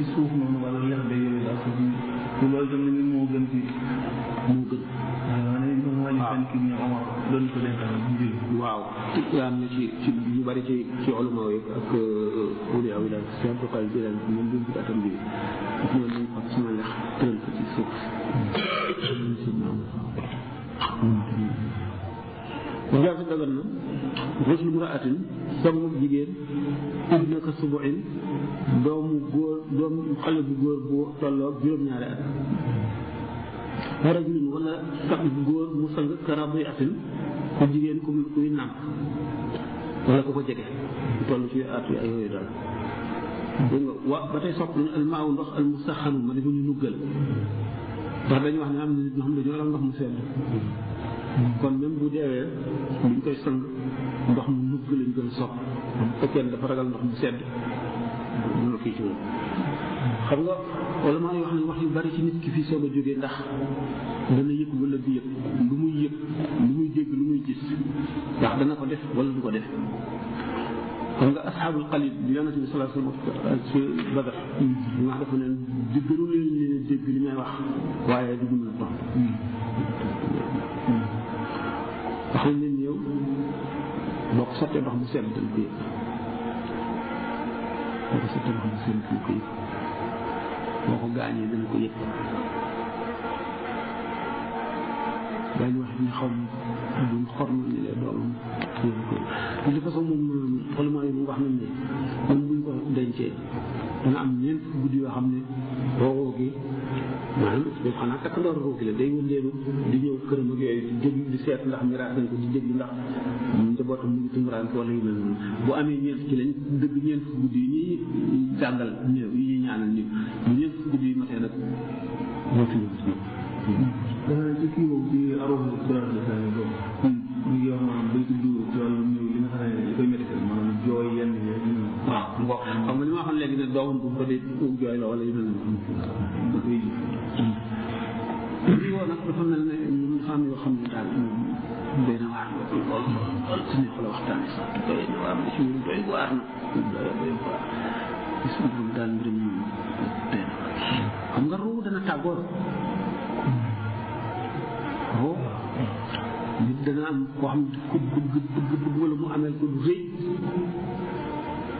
ci suuf noonu wala lex de yooyu ak ci loolu tamit ni moo gën ci moo gën waaw am na ci ci ñu bari ci ci ulama yi ak aulia yi daal seen toqal bi daal moom duñ ci atam bi daf ñoon nañ fab suñu lex tëral ko ci suuf si dagan na ghuslu imra'atin sangu jigéen ibnaka doomu góor doomu xale bu góor bu tolloog juróom-ñaari at rajulin wala sax góor mu sang karabuy atin ku jigéen ku kuy nàmp wala ku ko jege toll ci at ay yooyu daal dégg nga waaw ba tey sopp almaaw ndox al ma ne bu ñu nuggal ndax dañu wax ne am na nit ñoo xam ne dañoo am ndox mu sedd kon même bu deewee buñ sang ndox mu nugg lañ gën a sopp bu fekkee ne dafa ragal ndox mu sedd loolu kii ci wala maa ngi wax nañ wax yu bari ci nit ki fii soo a jógee ndax dana yëg wala mu yëg lu muy yëg lu muy dégg lu muy gis ndax dana ko def wala du ko def xam nga asxaabul qalil bi yonent bi salaa sallam ci Badar nga di gënu leen leen li may wax waaye ndax na leen ñëw boo ko sottee ndox mu sedd dañ ko yëg boo ko sottee ndox mu sedd dañ ko boo ko gaañee dañ ko yëg ma leen loolu yëg ko de toute façon moom wala maa yi mu wax nañ ne man buñ ko dencee dana am ñeent fukki guddi yoo xam ne roogoo gi maanaam ñoom xanaa takkandoor roogoo gi la day wëndeelu di ñëw këram ak yooyu di jéglu di seet ndax miraas nañ ko di jéglu ndax njabootam mu ngi tumuraan ko wala yu mel noonu bu amee ñeent ci lañ dëgg ñeent fukki guddi yi ñuy jàngal ñëw yi ñuy ñaanal ñu bu ñeent fukki guddi yi matee nag dootuñu gis. dana ci kii moom ci arrosé ak doomam bu ko dee uug jooy la wala yu mel da koy lii woo nag dafa mel ne ñun dafa am yoo xam ne daal doy na waar lool te nekkul waxtaan sax doy na waar ci ñun doy waar na doy waar gis nga moom daal mbirum doy na xam nga ruu dana tàggoo ruu nit dana am koo xam ne ku bëgg bëgg bëgg wala mu amel ko du rëy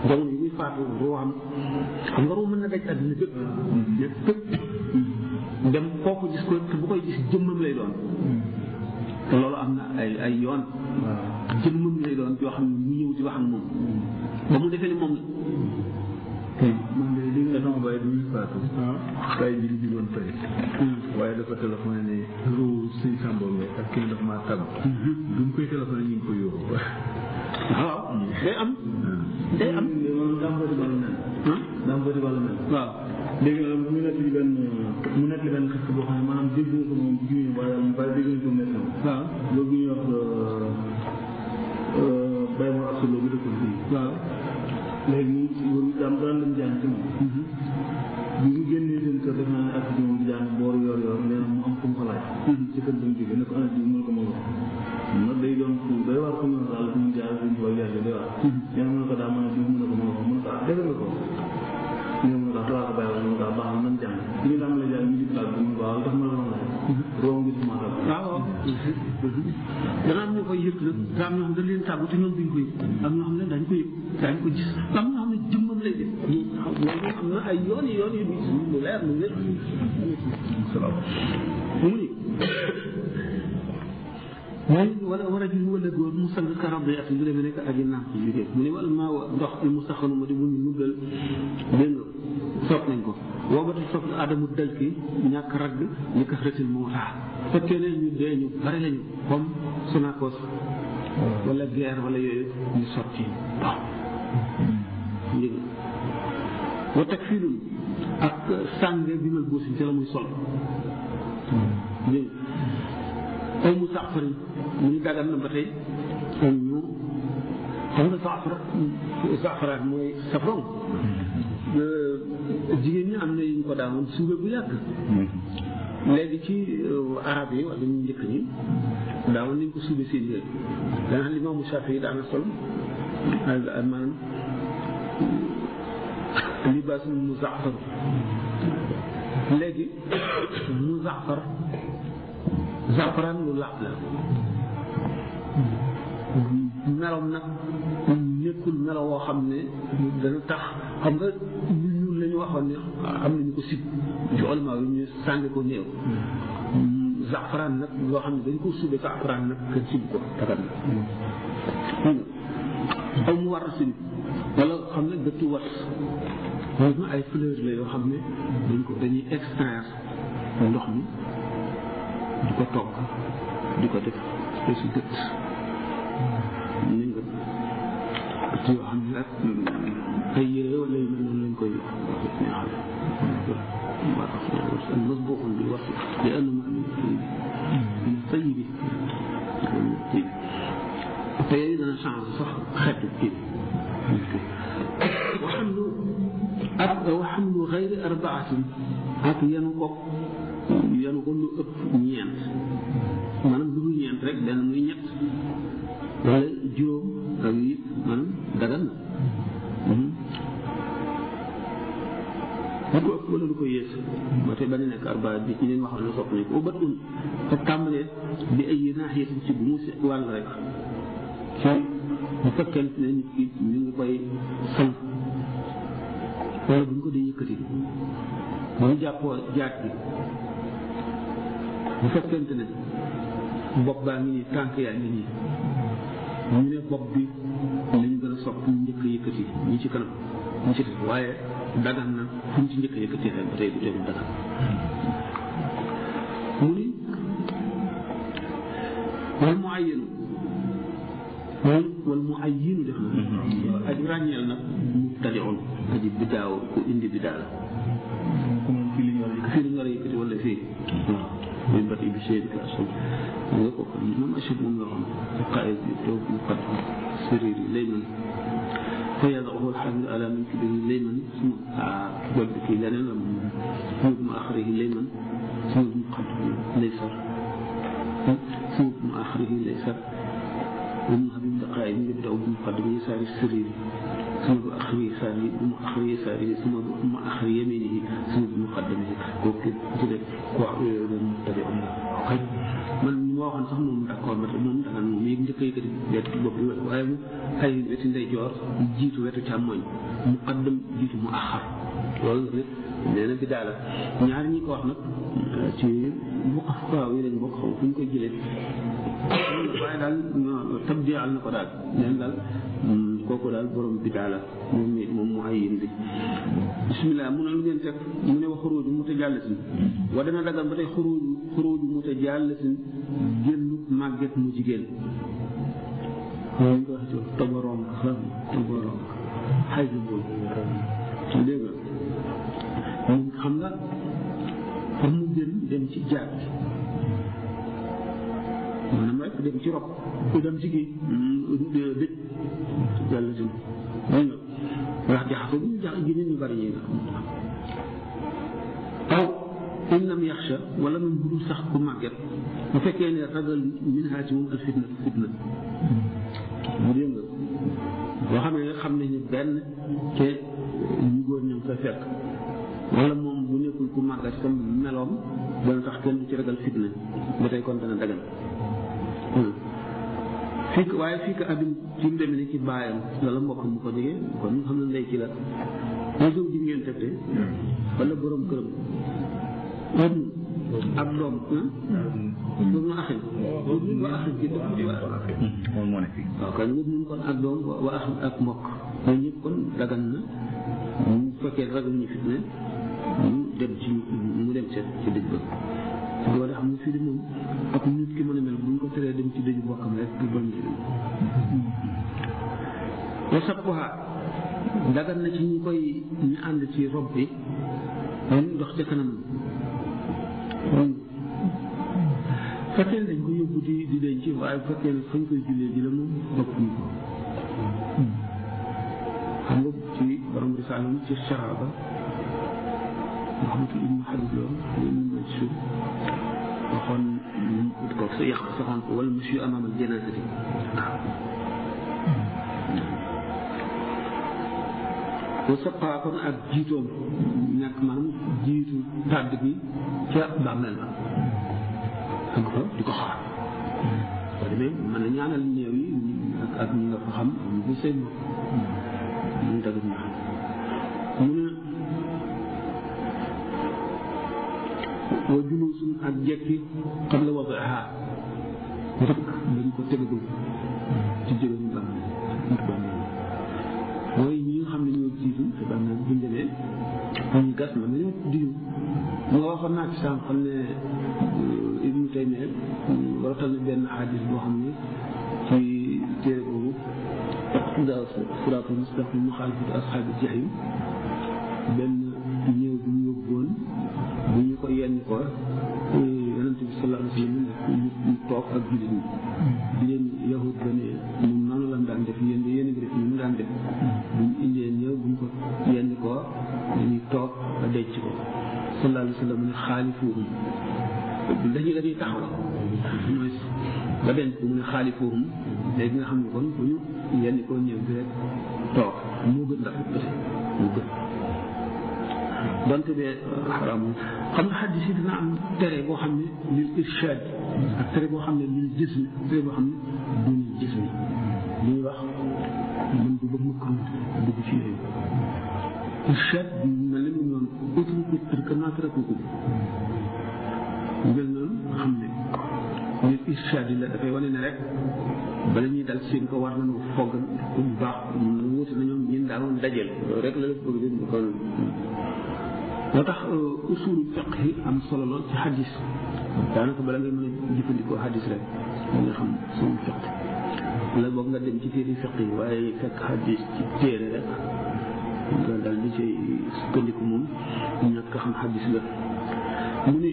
jamono muy faatu ruuxam xam nga ruu mën na daj àdduna bépp nekk fépp dem kooku gis ko te bu koy gis jëmmam lay doon te loolu am na ay ay yoon jëmmam lay doon yoo xam ne ñu ñëw di wax ak moom ba mu defee ni moom la man de li nga sama baay du muy faatu baay bi di doon fële hmm. waaye dafa téléphoné ne ruu suñ sàmbool ak kenn dafa maa tab du hmm. mu koy téléphoné ñu ngi ko yóbbu waaw day am day am. waaw. dégg naa mu nekk li benn mu nekk li benn xas boo xam ne maanaam dégg nga ko moom jiw yi waaye mu bàyyi dégg nga ko météo. waaw loolu ñuy wax bay moo ak loolu dëkkul fii. waaw léegi ñu si woon daan daan lañ jàng ci moom. Mm-hmm. bi ñu génnee seen kër def naa ne ak ñoom di jàng boor yor yor nee na mu am fu mu ko laaj. Mm-hmm. ci kër bi mu jógee ne ko ana ah, jiw mu ne ko moom la. nag day doon day war ko mën a daal koy jar bi doy waar. ñu ne ko daal ma ne jiw mu ne ko ma ko mun ko ah dégg nga ko. ñu ne mu ne ko ah damaa ko bàyyi wala mu ne ko ah baax na nan jàng bi ñu tàmbalee jaar ñu jub taal bi mu ne ko ah tax ma la doon laaj. roo ngi suma taal. waaw dana am ñu koy yëg nag daa am ñoo xam ne dañ leen tàggu te ñoom duñ ko yëg am ñoo xam ne dañ ko yëg dañ ko gis am ñoo xam ne jëmmam lay def loolu am na ay yoon yoon yu mu leer mu wér mu ni mooy wala war a jul wala góor mu sang karab day at lu demee nekk ak yi naam ci mu ne wala maa ndox al mu saxanu di mu ñu nuggal dégg nga nañ ko woobatu sopp adamu dal ki ñàkk ragg li ko moo taa fekkee ne ñu dee ñu bari lañu comme Sonacos wala guerre wala yooyu ñu sotti bon njëg wa teg ak sànge bi mal góosin ci la muy sol aw mu sàqari mu ngi dagal na ba tey aw ñu xam nga saafara saafara mooy safron euh, jigéen ñi am na yu ko daawoon suube bu yàgg léegi ci euh, arab yi wala ñu njëkk ñi daawoon nañ ko suube seen yére dana xam sol maanaam libaasul muzaafar zafaran lu laab la meloom nag nekkul melo woo xam ne dana tax xam nga ñu ñuul la waxoon ne am nañu ko sib ci olma yi ñu sànni ko néew zafaran nag loo xam ne dañ ko suube ko afran nag kenn sib ko takat na aw mu war a sin wala xam ne dëttu wat ay fleur la yoo xam ne dañ ko dañuy extraire ndox mi di ko togg di ko def ba si gët ni nga ci yoo xam ne ak ay yére wala yu mel noonu lañ koy xale masbuuq bi wax li annama min tayi bi te yooyu dana changé sax xeetu kii waxam lu ak waxam lu xayri arbaatin ak yenu ko yenu ko lu ëpp ñeent maanaam lu dul ñeent rek benn muy ñett wala juróom ak yu yëpp maanaam dagal na mhm. lu ko ëpp wala lu ko yées ba tey bañ a nekk arbaa bi ci leen waxoon ne sopp nañ ko ubat un bu mu wàll rek bu fekkente ne nit ki ngi koy sant wala bu ñu ko dee yëkkati bu ñu jàppoo jaat bi bu fekkente ne bopp baa ngi nii tànk yaa ngi nii ñu ne bopp bi la ñu gën a sopp ñu njëkk a ñu ci kanam ñu ci def waaye dagan na fu ci njëkk a yëkkati mu ni wal mu ayyinu def na mm-hmm. aji ràññeel nag mu tali on ku indi bidaa la بشيء أشرب من أشرب منذرا قائد يتوب مقدم سريري ليمن فيضعه الحمل على منكبه ليمن ثم كبده لنا ثم آخره ليمن ثم قدمه ليسر ثم آخره ليسر ثم هبد قائد يبدأ بمقدمه يسار السريري suñu bu axri saari mu axri saari suma mu axri yaminihi suñu bu muqaddamihi kooku kenn ku ci nekk ku wax yooyu moom daje am xaj man ñu ma waxoon sax moom d'accord ma moom danaan moom yëg njëkk yëkkati wetu bopp bi waaye mu ay wetu ndey joor jiitu wetu càmmoñ muqaddam jiitu mu axar loolu nag nee na bi daal ñaar ñi ko wax nag ci bu ko waaw yi lañ bokk xam fu ñu koy jëlee waaye daal tabdial na ko daal nee na daal kooku daal borom bidaa la moom mi moom mu ayyin bi bismillah mu ne lu ngeen teg mu ne wa xuruuju mutajallasin wa dana dagal ba tey xuruuju xuruuju mutajallasin génnu màgget mu jigéen toborom toborom xay bu dégg nga xam nga pour mu dem ci jaag maanaam rek dem ci rob dem ci kii mm, dëj yàlla jëm dégg wax jaxase bu ñu jax jinne ñu bari wala moom bu dul sax màgget bu fekkee ne ragal min haa ci moom al fitna fitna mu dégg nga boo xam ne xam nañu benn te ñu góor ñoom fa fekk wala moom bu nekkul ku màggat comme meloom dana tax kenn bu ci ragal fitna ba tey kon dana dagan Hmm. fii ko waaye fii ko abin ci mu demee ci baayam wala mbokk mu ko jege kon nga xam ne ndey ci la réseau bi ngeen hmm. tëtte wala borom këram abin ab doom moom na axin wa axin ci moom moo ne fii waaw kon ñëpp ñun kon ak doom wa axin ak mbokk ñun ñëpp kon dagan na mu hmm, fekkee ragal ñu fitne mu dem ci mu dem seet ci digg ba loolu xam nga fii di moom ak nit ki mën boobaa dagan na ci ñu koy ñu ànd ci rob bi dañuy dox ca kanam fekkee dañ ko yóbbu di di denc waaye bu fekkee ne fañ koy jullee ji la moom bokkuñ ko xam nga ci borom risaalam ci sharaba Muhammad ibn Habib lool ñu ne ci waxoon ut ko sa yàq sa xonk wala monsieur amaam ak janaasati waaw wa saqaa kon ak jiitoom nekk maanaam jiitu tàdd bi ca bàmmeel ba xam ko di ko xaar soo demee mën na ñaanal néew yi ak ak ñi nga ko xam ñu ko seen mun tagit ñaan mu ne wa julusun ak jekki xam la waba aha rëkk dañ ko tegagul ci jëloñu bàmmeel mooy jiitu te bañ na dundalee man nañu diw mu nga waxoon naa ci sànq xam ne euh, Ibnu Taymiya rotal na boo xam ne ci téere boobu daa siraatal mustaqiim muxaalifatu asxaabi jahiim benn néew bu ñu yóbboon bu ñu ko yenn ko euh, yonente bi sallallahu alayhi hmm. yahut ba ne moom noonu lañ daan def yéen yéen a ngi def ñu daan def toog nga denc ko sallallahu alayhi wa sallam ne xaalifuhum dañu dañuy taxaw mooy nga denc ko mu ne xaalifuhum léegi nga xam ne kon bu ñu yenn koo ñëw bi rek toog moo gën ndax moo gën donte bee xaraam xam nga xaddis yi dina am tere boo xam ne lil irshad ak tere boo xam ne lil jismi tere boo xam ne du lil jismi li ñuy wax mën du ba mukk dugg ci yooyu irshad በትንቁት ድርቅና ተረቁቁት njël noonu xam ne ñun irshad la dafay wane ne rek bala ñuy dal seen ko war nañu fogg bu baax wuute na ñoom ñun daanoon dajeel loolu rek la def bëgg dén ko moo tax usulu fiq yi am solo lool ci xadis daanaka bala ngay mën a jëfandikoo xadis rek da nga xam suñu fiq la boog nga dem ci téere fiq yi waaye fekk xadis ci téere rek loolu daal di cay sukkandiku moom ñàkk xam xadis la mu ne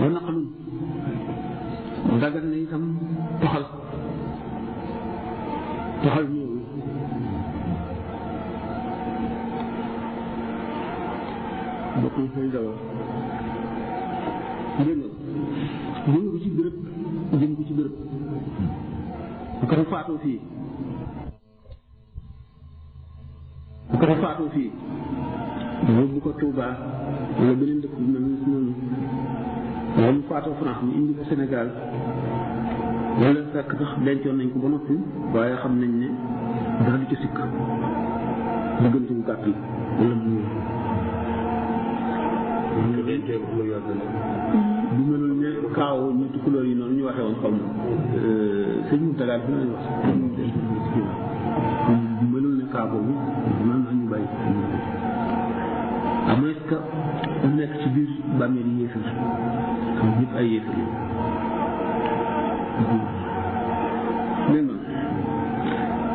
wa naqlun dagan na itam toxal toxal néew yi bokk na fay dawal dégg nga jëm ko ci bërëb jëm ko ci bërëb bu ko faatoo fii faatoo fii yóbbu ko Touba wala beneen dëkk bu mel noonu wala mu faatoo nañ ko ba noppi waaye xam nañ ne dara du ci sikk diggante bu gàtt la wala mu bu melul ne kaaw yi noonu ñu euh, bi wax bu mm. melul ne bay à moins nekk ci biir bàmmeel yi yéefar xam ñëpp ay yéefar yi dégg nga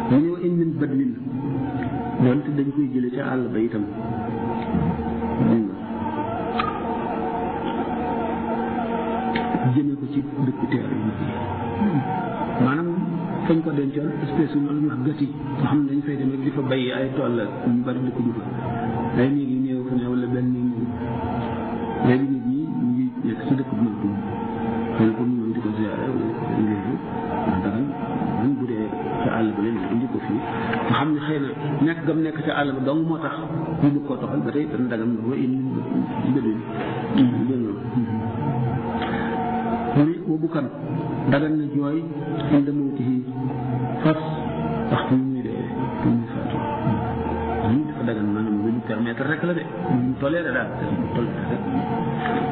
mu ñëw indil badlin donte dañ koy jële ca àll ba itam dégg nga jëme ko ci dëkk teer hmm. maanaam fañ ko dencoon espèce yu loolu ñu wax di fa bay ay tool la ñu bari dëkk du fa ay néeg yu néew fa ne néeg néew nekk ci dëkk ko ñu bu dee ca àll ba leen indi ko fii nga xëy na nekk gam nekk ca àll ba dong moo tax ñu bëgg koo toxal ba tey dana dagam wa in bëdun dén loolu mu ne wa bukkan dagan mm-hmm. jooy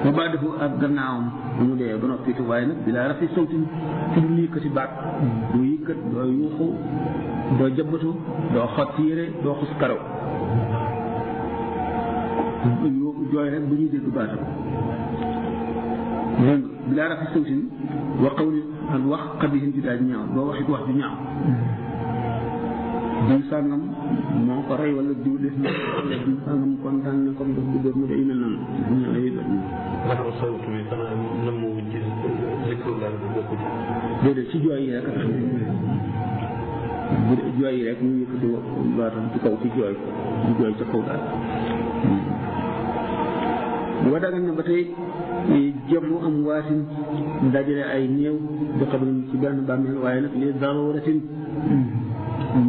wa baadahu ak gannaaw bu ñu dee ba noppi it waaye nag bilaa rafi sawtin ci lu yëkkati baat doo yëkkat doo yuuxu doo jëbbatu doo xott yére doo xus karaw jooy rek bu ñuy dégg baatam dégg bilaa rafi sawtin wa qawli ak wax xabihin ju daal ñaaw doo waxit wax ju ñaaw diw sàngam moo ko rey wala diw def na kontaan na ko dóor mu dee mel noonu a tax bu dee mu yëkkati baatam hmm. na ba tey eh, jëmm am waasin dajale ay néew di xabri ci benn bàmmeel waaye nag li daruratin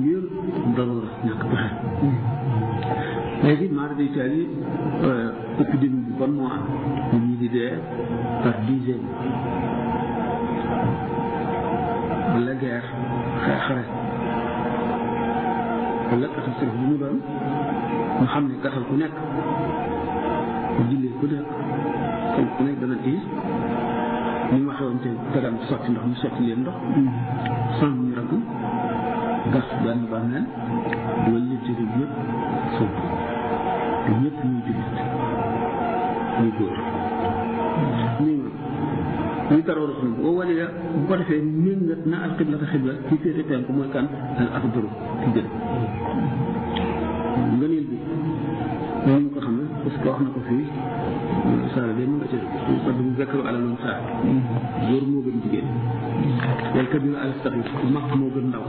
ngir léegi maar day taal yi épidémie bi kon moo am ñu ñi di dee par dizaine wala guerre xeexare wala catastrophe bu mu doon nga xam ni gatal ku nekk jullee ku nekk ku nekk dana tiis ni mu waxee te daan sotti ndox mu sotti leen ndox sans ñu rakk gas benn bàmmeel wala li ci yëpp te ñëpp ñuy jullit ñu góor ñun ñu taroor suñu boo wajee bu ko defee ñun nga na al xibla ta xibla ci féete penku mooy kan al afdaru ci gën ngëneel bi ñu ko xam ne parce que wax na ko fii saala de mën nga cëri parce que zakaru ala noonu saala góor moo gën jigéen wal kabiru ala saxir mag moo gën ndaw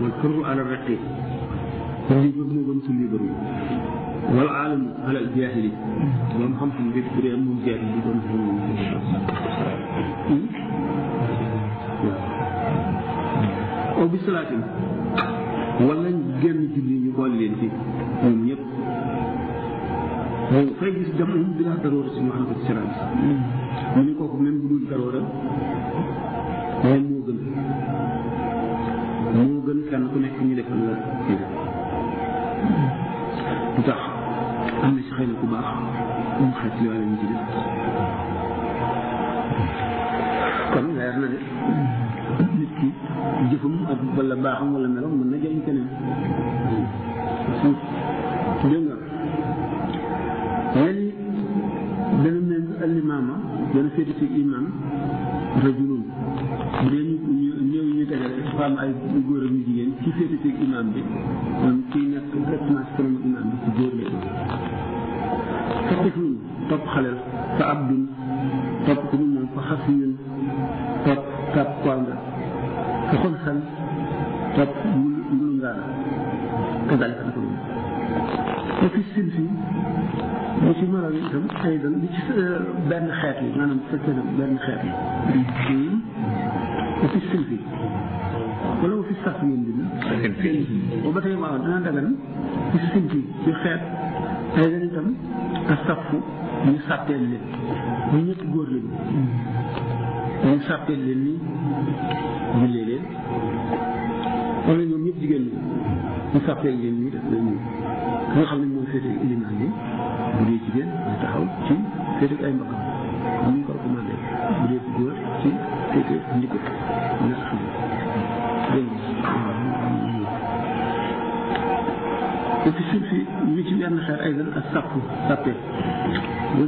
wal kërru ala raqib liibar moo gën su liibar yi wala alim alal jaahili moom xam-xam bi bu dee moom jaahil bi doon xam moom waaw. aw bi salaatin wala génn julli ñu boole leen ci ñoom ñëpp. waaw fay gis jamono bi laa daroora si ñu xam ko ci salaam mu ne kooku même bu dul daroora waaye moo gën moo gën kenn ku nekk ñu defal la hmm. lu tax am na si xëy na ku baax moom xeet li na ne nit ki jëfam ak wala baaxam wala melam mën na jëriñ nga léegi dana mel ni alimaama dana féete ci imaam rajulun bu dee ñu ñu dajale ñu jigéen ci féete ci imaam bi moom kii nekk exactement ci imaam bi ci góor la topp ci ñun topp xalel fa abdun topp ko ñun moom fa xasiyun topp kap kwanga fa xonsan topp mbulu ngaana kadalika naka noonu te fi sil si li ci maral itam ay dan li ci eh, benn xeet yi maanaam fekkee na benn xeet yi wa fi sil si wala wa fi sax yéen dina ba tey waaw dana dagan fi sil si ci xeet ay leen itam safu ñu sàtteel leen ñu ñetti góor lañu ñu sàtteel leen ni jullee leen wala ñoom ñëpp jigéen ñi ñu sàtteel leen ni def leen ki xam ne mooy féete ilimaan yi bu dee jigéen ñu taxaw ci féete ay mbaggam ñu ko recommandé bu dee góor ci féete njëkk te ci suuf si ñu ci benn xeer aydan ak sàpp sàppee wa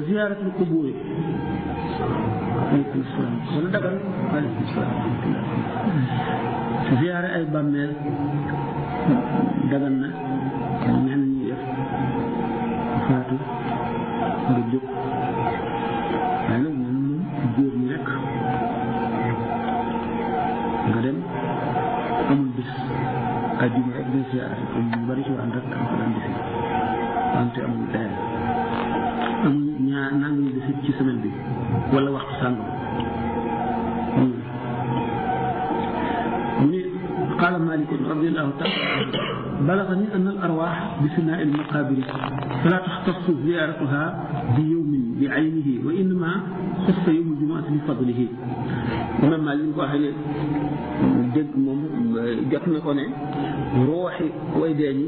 dagal ay bàmmeel na ñaan faatu nga jóg waaye nag moom moom góor rek nga dem amul bis ajjuma dee siyaare am ñu bari ci waan rek am ko daan defee wante amul dayal amul ñaar nangam defit ci semaine bi wala waxtu sàngam mu ne qaala malikun radiallahu taala بلغني أن الأرواح بفناء المقابر فلا تختص زيارتها بيوم بعينه وإنما خص يوم الجمعة بفضله imam Maalik li mu ko waxee ne dégg moom jot na ko ne rooxi way dee ñi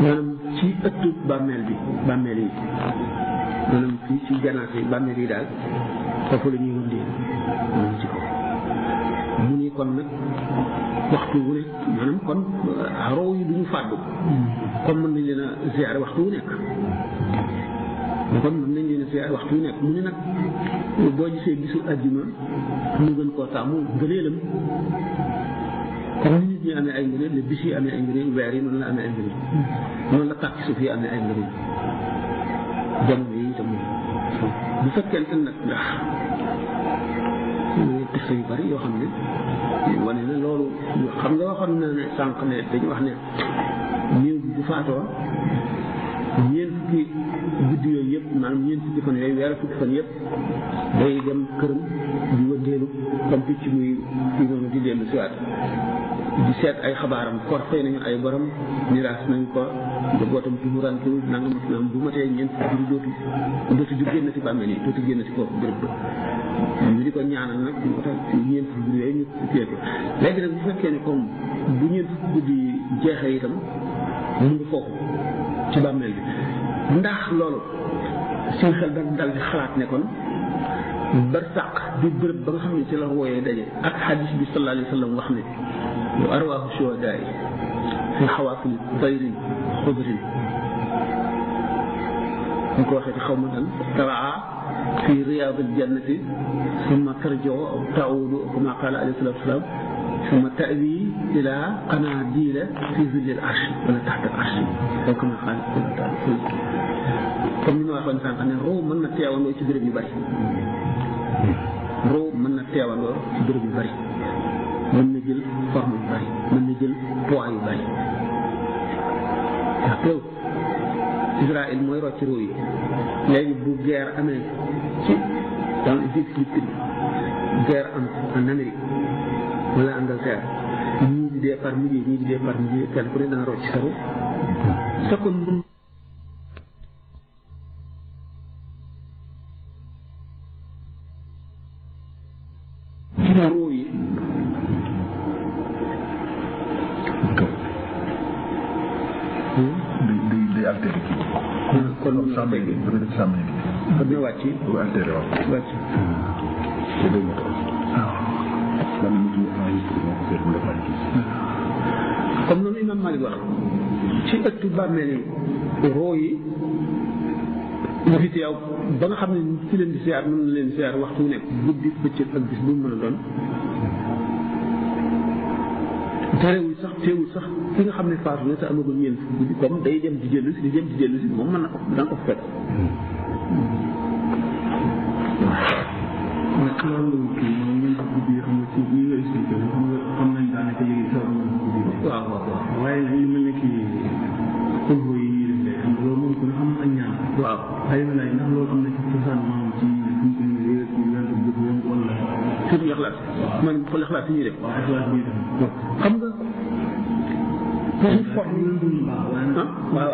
maanaam ci ëttu bàmmeel bi bàmmeel yi maanaam fii ci janaas yi bàmmeel yi daal foofu la ñuy wëndi moom ci ko mu ni kon nag waxtu wu nekk maanaam kon roow yi duñu fàddu mm. kon mën nañ leen a ziare waxtu wu nekk kon mën nañ leen ziar waxtu yu nekk mu ne nag boo gisee bisu àjjuma mu gën koo taamu gëneelam comme nit ñi amee ay ngëneel le bis yi amee ay ngëneel weer yi noonu la amee ay ngëneel noonu la tàkki suuf yi amee ay ngëneel jamono yi itam bu fekkente yu bari yoo xam ne wane xam nga waxoon na ne sànq ne wax ne néew bu faatoo ñeent fukki guddi yooyu yëpp maanaam ñeent fukki fan yooyu weeru fukki fan yëpp day dem këram di wëndeelu comme picc muy fii noonu di dellu si waat di seet ay xabaaram kor fay nañu ay borom miraas nañ ko ba gootam tumurantu nanga mas naam bu matee ñeent fukki fan dootu dootu du génn si bàmmeel yi dootu génn si foofu béréb di ko ñaanal nag moo tax ñeent fukki guddi yooyu ñu fiyee ko léegi nag bu fekkee ne comme bu ñeent fukki guddi jeexee itam mu ngi foofu ci bàmmeel bi ndax loolu suñ xel dañ dal di xalaat ne kon barsàq di bërëb ba nga xam ne ci la wooyee daje ak xadis bi sallallahu alayhi wa sallam wax ne yu arwaahu shuhadaa yi fi xawaafili bayrin xudrin ñu ko waxee ci xaw ma nan taraa fi riyaadil jannati summa tarjoo aw taawudu kama qaala alayhi salaatu wasalaam suma tawi ilaa xanaa diila fi zillil arsh wala taxta arsh boo ko mën a xaalis comme ni ma waxoon sànq ne ruu mën na teewandoo ci béréb yu bari ruu mën na teewandoo ci béréb yu bari mën na jël forme yu bari mën na jël poids yu bari ndax teew Israël mooy rocc ruu yi léegi bu guerre amee ci dans les expliqués guerre am en Amérique wala Angleterre ñii di dee par milliers ñii di dee par milliers kenn ku ne dana rocc karu te kon ruu yi kon kon wàcc wàcc ne roo yi mu fi teew ba nga xam ne ci leen di siyaar mën na leen di siyaar waxtu nekk guddi bëccëg ak bis bu mu mën a doon terewul sax teewul sax ki nga xam ne faatu na te amagul ñeent fukki guddi comme day dem di jëllu si di dem di jëllu si moom ko ko fekk waaw waaw waaye xëy na ndax loolu am na ci cosaan xam nga. suñu ah, waaw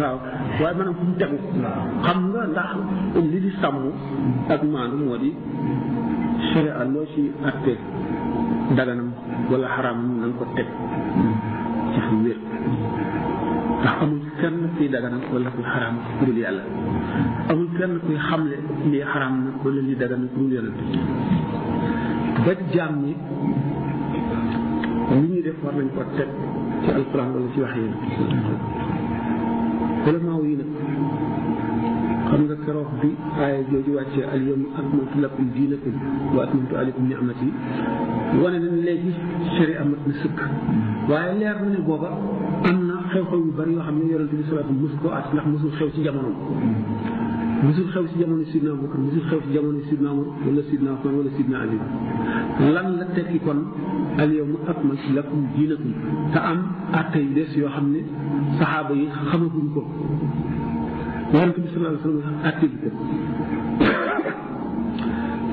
waaw waaye maanaam fu mu tegu xam nga ndax li di sàmm ak maandu moo di sharia loo ci atte daganam wala xaraam na nga ko teg mm-hmm. ci fu wér ndax amul kenn kuy daganal wala kuy xaraam ku dul yàlla amul kenn kuy xamle lii xaraam na wala lii daganal ku dul yonent ba jaam ñi li ñuy def war nañ ko teg ci alquran wala ci wax yi ulama yi nag xam nga keroog bi aaya jooju wàcce al yawma akmaltu lakum diinakum wa atmamtu alaykum ni'mati wane na léegi sari amat na sëkk waaye leer na ne booba am na xew-xew yu bari yoo xam ne yonente bi salaatu mosu ko at ndax mosul xew ci jamono mosul xew ci jamono sidna Abubakar mosul xew ci jamono sidna Umar wala sidna Usmaan wala sidna Ali lan la tekki kon al yawma akmaltu lakum diinakum te am atte yu des yoo xam ne saxaaba yi xamaguñ ko yonent bi sallallahu alayhi wa sallam àtte bi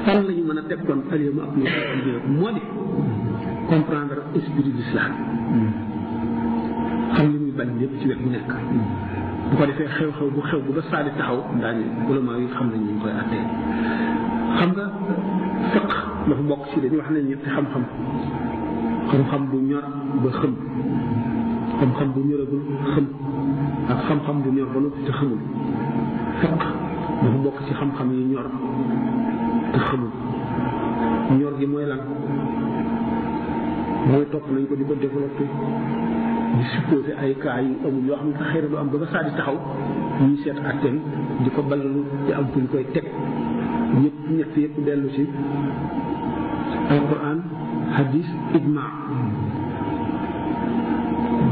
fan la ñu mën a teg kon alyawma akmaltu lakum diinakum moo di comprendre esprit du islam xam li muy bañ lépp ci wet bu ko defee xew-xew bu xew bu ba saali taxaw daañu ulama yi xam nañ ñu ngi koy àttee xam nga fiq dafa bokk ci dañuy wax ne ñetti xam-xam xam bu ñor ba xëm xam-xam bu ñoragul xam ak xam-xam bu ñor ba noppi te xamul fekk dafa bokk ci xam-xam yi ñor te xamul ñor gi mooy lan mooy topp nañ ko di ko développé di supposé ay cas yu amul yoo xam ne xëy na du am ba ba taxaw ñuy seet atteen di ko ballalu di am fu ñu koy teg ñëpp ñett yëpp dellu ci alquran hadis ijma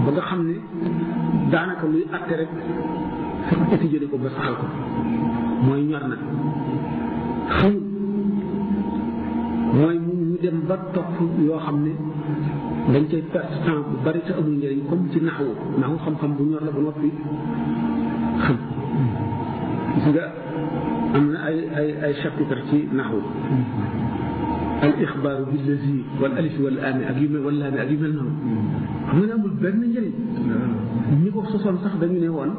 ba nga xam ne daanaka li àtte rek fekk étudié na ko ba saxal mooy ñor na xamul mooy ñu dem ba topp yoo xam ne dañ cay perte temps bu bari te amul njëriñ comme ci naxwu naxwu xam-xam bu ñor la ba noppi xam nga am na ay ay ay chapitre ci naxwu al ixbaaru billazi wal alifi wal ami ak yu mel wal laami ak yu mel noonu xam nga ne amul benn njëriñ ñi ko sosoon sax dañu ne woon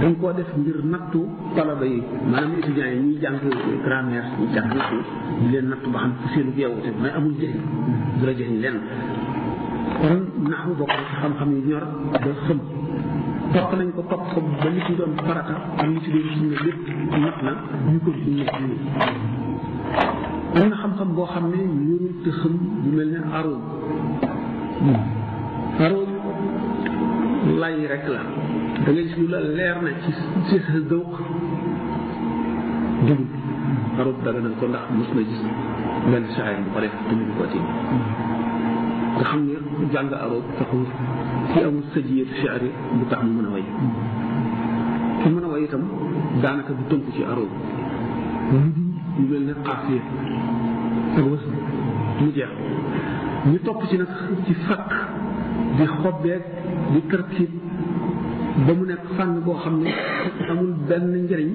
dañ koo def ngir nattu talaba yi maanaam étudiants yi ñuy jàng grammaire ñu jàng ko di leen nattu ba xam seenu yeewute mais amul njëriñ du la jëriñ lenn kon naxu bokk na ci xam-xam yi ñor da xëm topp nañ ko topp ko ba li ci doon farata ak li ci doon sunna lépp mat na ñu ko sunna am na xam-xam boo xam ne mënul te xam bu mel ne aroom aroom lay rek la da ngay gis lu la leer na ci ci sa dëwk dugub aroom daga na ko ndax mos na gis benn saayir bu ko def dugub ko tiim nga xam ne jàng aroom taxul ci amul sajiyatu shaari bu tax mu mën a way ki mën a way itam daanaka bu tënku ci aroom yu mel ne xaafiya ak wës mu jeex ñu topp ci nag ci fakk di xobbeeg di tarkiib ba mu nekk fànn boo xam ne amul benn njëriñ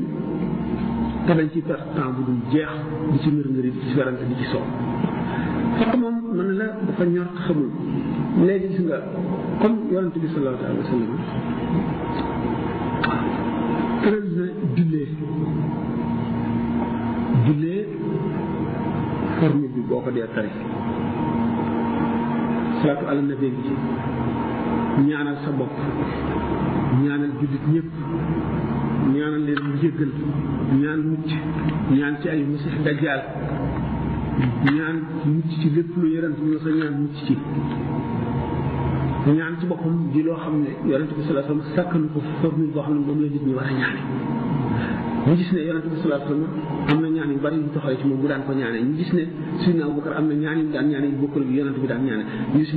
te ci perte temps bu jeex di ci ngër ngëri di ci werante di ci soow fakk moom mën la dafa ñor xamul léegi gis nga comme yonente bi sallallahu alayhi wa sallam tëral na boo ko dee tari salaatu ala nabi gi ñaanal sa bopp ñaanal jullit ñëpp ñaanal leen mu jéggal ñaan mucc ci ay masix dajjaal ñaan mucc ci lépp lu yonent bi sa ñaan mucc ci ñaan ci boppam loo xam ne yonent bi sallallahu alayhi wasallam sàkk na ko formule boo xam ne la ñi war a ñu gis ne bi sallallahu alayhi wasallam am na ñaan yu bari yu moom bu daan gis ne am na ñaan yu daan ñaane yu bokkul ak bi daan ñaane ñu gis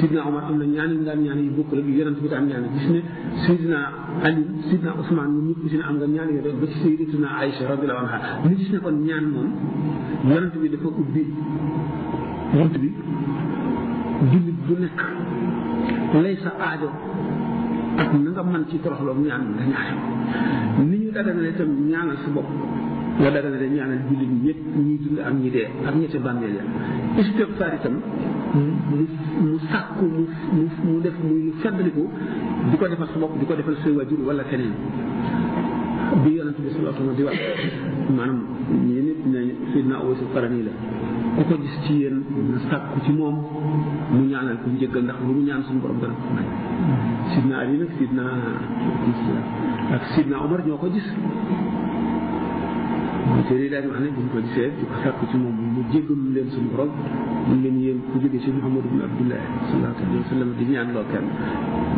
Sidna Omar am na ñaan yu daan ñaane yu bokkul ak bi daan ñaane gis ne Sidna Ali Sidna Ousmane ñun ñëpp gis ne am nga ñaan yoo doon ba ci Sayyidatuna Aïcha radiyallahu anha ñu gis ne kon ñaan moom yonente bi dafa ubbi bunt bi jullit du nekk lay ak na ci toroxloo ñaan nga ñaanal ni ñu daganale itam ñaanal sa bopp nga daganale ñaanal jullit ñëpp ñuy dund ak ñi dee ak ñetti bàmmeel ya istixfaar itam mu mu sàkku mu mu mu def muy feddaliku di ko defal sa bopp di ko defal say waajur wala keneen bi yonent bi sallallahu alayhi wa sallam di wax maanaam ñii nit nañu Seydina Abu la ku ko gis ci yéen na sàkku ci moom mu ñaanal ko njëggal ndax lu mu ñaan suñu borom dana ko may sidna ali nag sidna ak sidna omar ñoo ko gis te lii daañu wax ne bu ñu ko gisee di ko sàkku ci moom mu jéggalu leen suñu borom mun ngeen yéen ku jóge ci Muhammad ibn Abdullah sallallahu alayhi wa sallam di ñaan loo kenn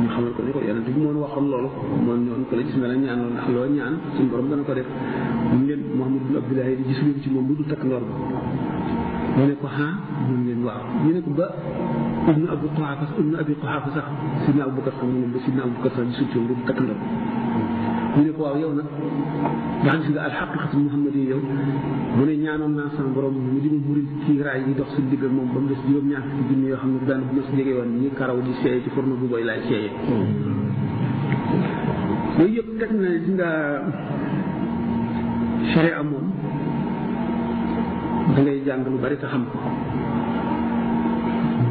ñu xamal ko ni ko yonent bi moon waxoon loolu moon ñoon ko la gis ne la ñaan loolu ndax loo ñaan suñu borom dana ko def mun ngeen Muhammad ibn Abdullah di gis leen ci moom lu dul takk ndoor ba mu ko ah mu ne leen waaw ñu ne ko ba ibnu abu quhafa ibnu abi quhafa sax sidna abu bakar mu ne sidna abu bakar sax di succoo bu ko waaw yow nag ndax gis nga alxaqiqatu muhammad yi yow mu ne ñaanoon naa sama borom mu di mu muri ci raay yi dox suñu digg ak ba mu des juróom-ñaar fukki junni yoo xam ne daan bu ma si jege di seeye bu boy laay seeye da ngay jàng lu bari te xam ko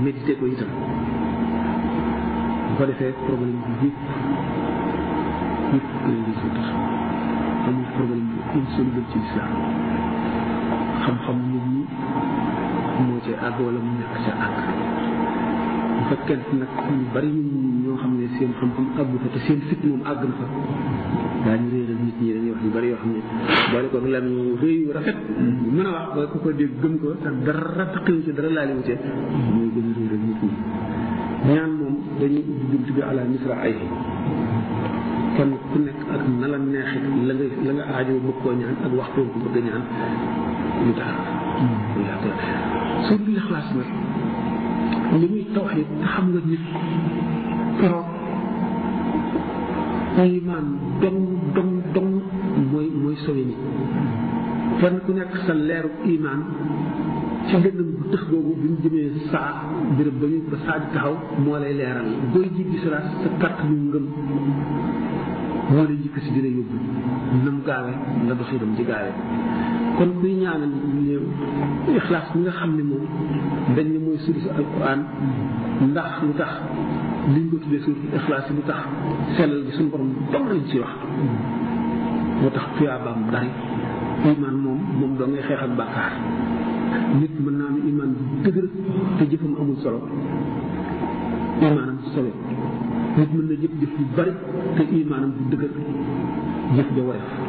médité ko itam bu ko defee problème bi yëpp yëpp lay gis lu tax amul problème bi insoluble ci islam xam-xam nit ñi moo ci àgg wala mu nekk ca àgg bu fekkente nag ñu bari ñun ñoo xam ne seen xam-xam àggu fa te seen fit moom àgg na fa daañu réer wax yu bëri yoo xam ne boole ko lam yu rëy yu rafet yu mm-hmm. a wax ba ku ko dégg gëm ko dara taqiwu ci dara laaliwu ci a réeral nit ñi ñaan moom dañuy ubbi bunt bi ay kon ku nekk ak na la neexit la nga aajo bëgg koo ñaan ak waxtu ko bëgg a ñaan lu tax mm-hmm. suur li xalaas nag li muy tawxiid te xam nga nit keroog dong dong sauvé nit fan ku nekk sa leeru imaan ci lëndëm bu tëx googu bu ñu jëmee saa béréb ba ñu ba saa di taxaw moo lay leeral booy jéggi siraat sa kàtt ñu ngëm moo lay jikk si dina yóbbu nam gaawe nga doxinam ci gaawe kon kuy ñaanal néew ixlaas bi nga xam ni moom dañ ne mooy surisu alquran ndax lu tax liñ ko tuddee surisu ixlaas yi lu tax sellal gi suñu borom dom lañ ci wax moo tax tuyaabaam bari iman moom moom doo ngay xeex ak bàkkaar nit mën naa am iman bu dëgër te jëfam amul solo imaanam solo nit mën na jëf jëf yu bari te imaanam dëgër jëf ja woyof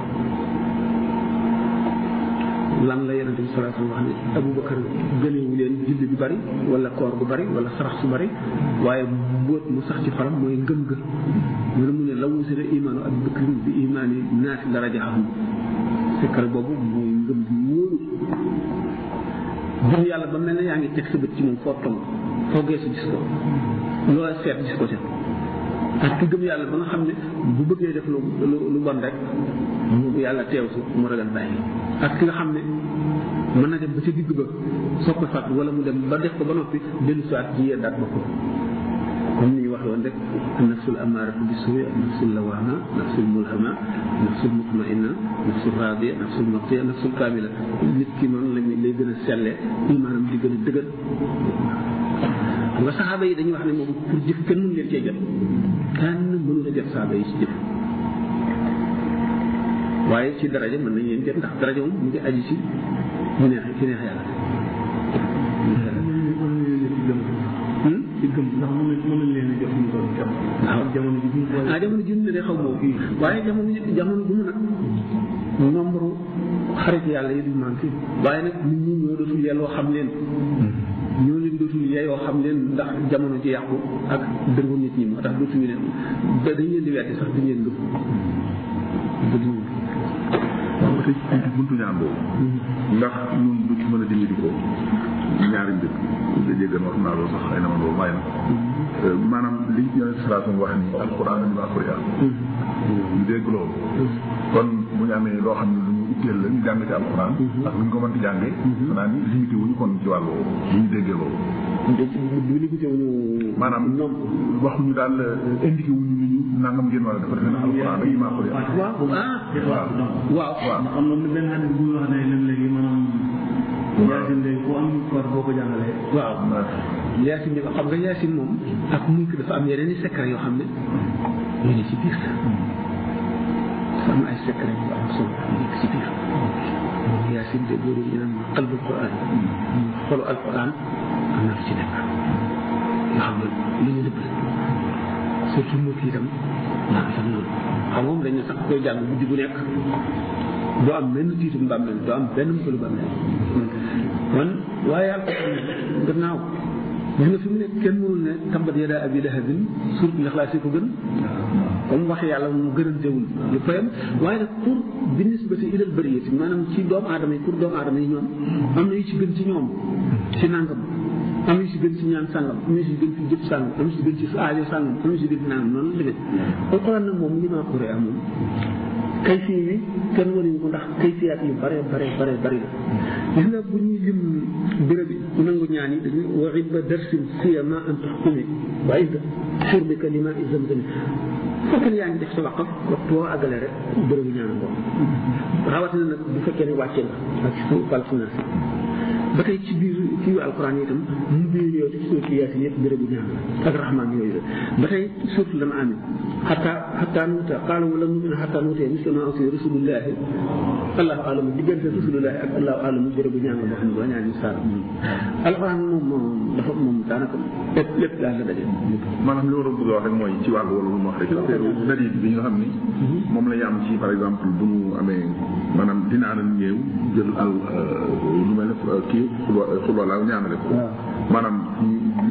lan la yonente bi sallallahu alayhi wasallam wax ne Abubakar gënewu leen julli bu bari wala bu bari wala sarax su bari waaye mbóot mu sax ci xolam mooy ngëm ga mu ne mu ne law wusila imaanu Abi Bakrin bi imaani naasi larajahum sikkar boobu mooy ngëm bi wóolu jox yàlla ba mel ne yaa ngi teg sa ci moom foo tong foo geesu gis ko loola seet gis ko ki gëm yàlla ba nga xam ne bu bëggee def lu lu bon rek mu yàlla teew si mu ragal bàyyi ak nga xam ne mën na dem ba ci digg ba soo ko fàtt wala mu dem ba def ko ba noppi dellu soit ji yeddaat ba ko comme ni ñu waxee woon rek nafsul amaaratu bi suwi nafsul lawaama nafsul mulhama nafsul mutmainna nafsul raadiya nafsul matiya nafsul kaamila nit ki noonu la lay gën a selle imaanam di gën a dëgër xam nga saxaaba yi dañuy wax ne moom pour jëf kenn mënu leen cee jot kenn mënu la jot saxaaba yi ci jëf waaye ci daraja mën nañu leen jël ndax daraja mu ngi aji ci mu neex ci yàlla. ci ndax mën nañ mën nañ a jox ñu doon jox. waaw jamono ji ah jamono ji ñu ne xaw ma kii waaye jamono jamono bu mu nag nombre xarit yàlla yi du manqué waaye nag nit ñi ñoo dootul yelloo xam leen. ñoo leen dootul yeyoo xam leen ndax jamono ji yàqu ak dëngu nit ñi moo tax dootuñu ne ba leen di wetti sax dañ leen gëm. tëj buntu buntu ñaan boobu. ndax ñun du ci mën a dimbali ko ñaari mbir. bu dee jéggal wax naa loolu sax ay ma loolu bàyyi na. Euh, maanaam li yonent salaatu wax ni alquran ñu alquran. ñu dégg loolu. kon bu ñu amee loo xam ne lu ñu itteel la ñu jàng ci alquran. ak lu ñu ko mënti jàngee. xanaa ni limité wuñu kon ci wàllu bu ñu déggee loolu. maanaam waxuñu daal euh, indiqué nangam ngeen wala dafa dëgg alquran rek maa ko def. waaw waaw waaw. xam ah, nga benn xadis bu ñu wax ne léeg-léegi maanaam. yaasin de ku am koor boo ko jàngalee. waaw yaasin bi xam nga yaasin moom. ak munkar dafa am yeneen i secret yoo xam ne. ñu ngi ci biir. dafa am ay secret yu am solo ñu ngi ci biir. yaasin de boo doon yeneen xalbu alquran. Hmm. xolu alquran am na lu ci nekk. yoo xam ne lu ñu dëpp la. surtout mu kii itam naa ko sax noonu xam moom dañ ne sax koy jàng guddi gu nekk doo am benn tiitu bàmmeel doo am benn mu këlu bàmmeel man waaye ak gannaaw gis nga fi mu ne kenn mënul ne tambat yadaa abi lahabin surtout lixlaas yi ko gën comme wax yàlla mu gërëntewul lu fayam waaye nag pour binisbati ilal bariyati maanaam ci doomu aadama pour doomu aadama yi ñoom am na yu ci gën ci ñoom ci nangam am ñu si gën si ñaan sàngam am ñu si gën si jëf sàngam am ñu si gën si aajo sàngam am ñu si gën naan noonu la demee hmm. alxuraan nag moom li maa xure am moom kay si yi kenn waruñu ko ndax kay siyaat la gis bu yi nangu yi dañuy wa iba darsin fekkee ne rek bérébu ñaan boobu rawatina nag bu fekkee ne wàcce nga ba tey ci biir kii yu alquran yi itam mu biir yow ci suuf yaasin yëpp bérébu ñaan ak rahmaan yooyu la ba tey suuf la ami xataa xataa nuuta qaala wala mumina xataa nuutee mislama aussi rasulullahi allahu alamu diggante rasulullahi ak allahu alamu bérébu ñaan la boo xam ne waa ñaan saar alquran ci wàllu wala lu mu wax rek bi nga xam ni mhm. moom la am ci par exemple bu ñu amee maanaam dina anam ñëw jël al euh, lu mel ne euh, kii xulwa euh, xulwa laa ñaanale ko maanaam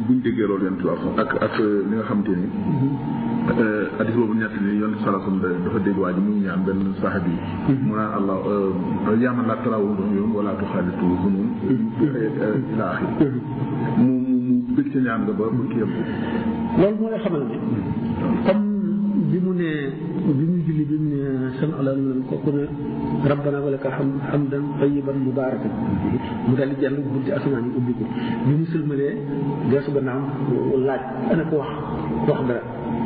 buñ déggee loolu yonent bi ak ak euh, li nga xamante ni mm-hmm. euh, addis boobu ñett ni yonent salaasam dafa dégg waa muy ñaan benn saxaab yi mm-hmm. mu naan allah yaaman laa tarawul yoon wala tuxaalitu zunoon mm-hmm. ila axiri mu mu mu bëgg ca ñaan nga ba ba kii yam loolu moo xamal ne bi mu ne bi mu julli bi mu ne sami Allahu liman kooku ne rabbana wa lakal hamd hamdan tayyiban mubarakan mu daal di jàll bunti asamaan yi ubbi ko bi mu sëlmalee geesu gannaaw laaj ana ko wax wax dara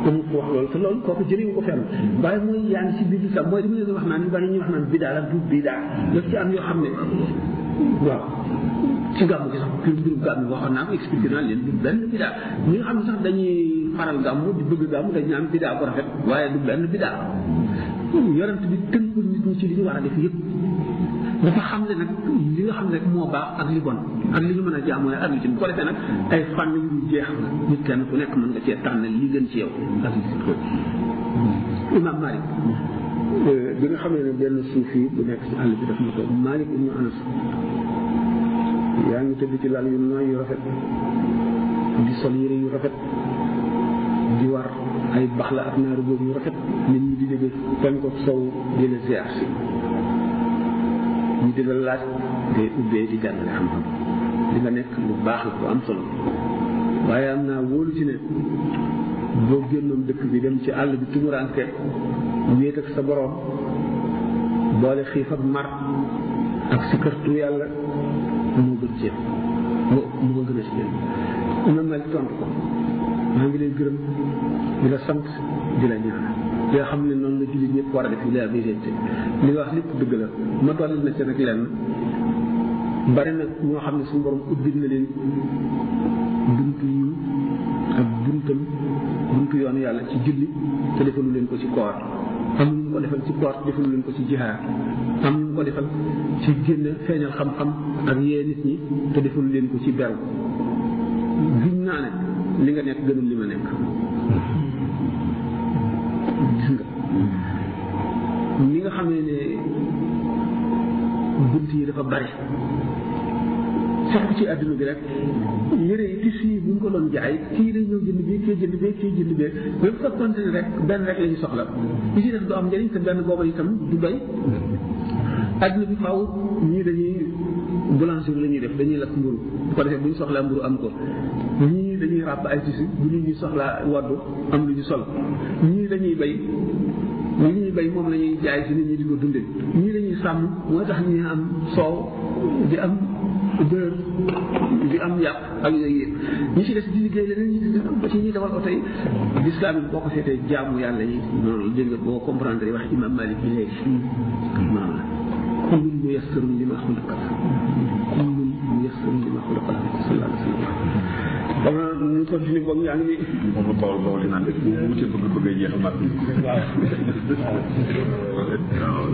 dañu ko wax loolu te loolu kooku jëriñu ko fenn waaye mooy yaa ngi si biir sax mooy li mu leen wax naan ñu bari ñu wax naan bidaa la du bidaa daf ci am yoo xam ne waaw ci gàmm gi sax kii mbirum gàmm waxoon naa ko expliqué naa leen du benn bidaa ñi nga xam ne sax dañuy faral gàmm di bëgg gàmm dañ naan bidaa bu rafet waaye du benn bidaa yonent bi tënk nit ñi ci li ñu war a def yëpp dafa xam ne nag li nga xam ne moo baax ak li bon ak li ñu mën a jaamoo ak li ci bu ko defee nag ay fànn jeex la nit kenn ku nekk mën nga cee tànn li gën ci yow ak li bi nga xamee ne benn suuf yi bu nekk ci àll bi daf na ko Malik ibnu Anas yaa ngi tëdd ci lal yu nooy yu rafet di sol yére yu rafet di war ay baxla ak naaru góor yu rafet nit ñi di jóge penku ak sow di la ziar si ñu di la laaj ngay ubbee di jàngale xam-xam li nga nekk lu baax la bu am solo waaye am naa wóolu ci ne boo génnoon dëkk bi dem ci àll bi tumuraanke wéet ak sa boroom boole xiif ak mar ak sikartu yàlla mu gën ci moo moo gën a ci imam Malik tontu ko maa ngi leen gërëm di la sant di la ñaan li xam ne noonu la jullit ñëpp war a def yi la vigente li nga wax lépp dëgg la ma dolli na ci rek lenn bari na ñoo xam ne suñu borom ubbil na leen buntu yiw ak bu buntu yoonu yàlla ci julli te defalu leen ko ci koor am ñu mu ko defal ci koor te defalu leen ko ci jihaar am ñu mu ko defal ci génn feeñal xam-xam ak yee nit ñi te defalu leen ko ci beru giñ naa ne li nga nekk gënul li ma nekk ni nga xam ne bunt yi dafa bari sàkk ci àdduna bi rek yére yi tissu yi bu ñu ko doon jaay kii day ñëw jënd bi kii jënd bi kii jënd bi même ko continué rek benn rek la ñu soxla bi ci def du am njëriñ te benn booba itam du doy àdduna bi faaw ñii dañuy boulangerie la ñuy def dañuy lakk mburu bu ko defee bu ñu soxlaa mburu am ko ñii dañuy ràbb ay tissu bu ñu soxlaa waddu am lu ñu sol ñii dañuy bay li ñuy bay moom la ñuy jaay si nit ñi di ko dundee ñii la ñuy sàmm moo tax ñi am soow di am dër di am yàpp ak yooyu yëpp ñi ci des di liggéey leneen ba ci ñuy dawal oto yi lislaam yi boo ko seetee jaamu yàlla yi loolu dégg nga boo comprendre wax imam Malik bi léegi maanaam la kullun muyassarun lima xuliqa kullun muyassarun lima xuliqa sallallahu alayhi wa sallam xam naa ñu continué boobu yaa ngi. moom Baol Baol yi naan bu wutee bëgg bëgg a jeexal mat. waaw. waaw.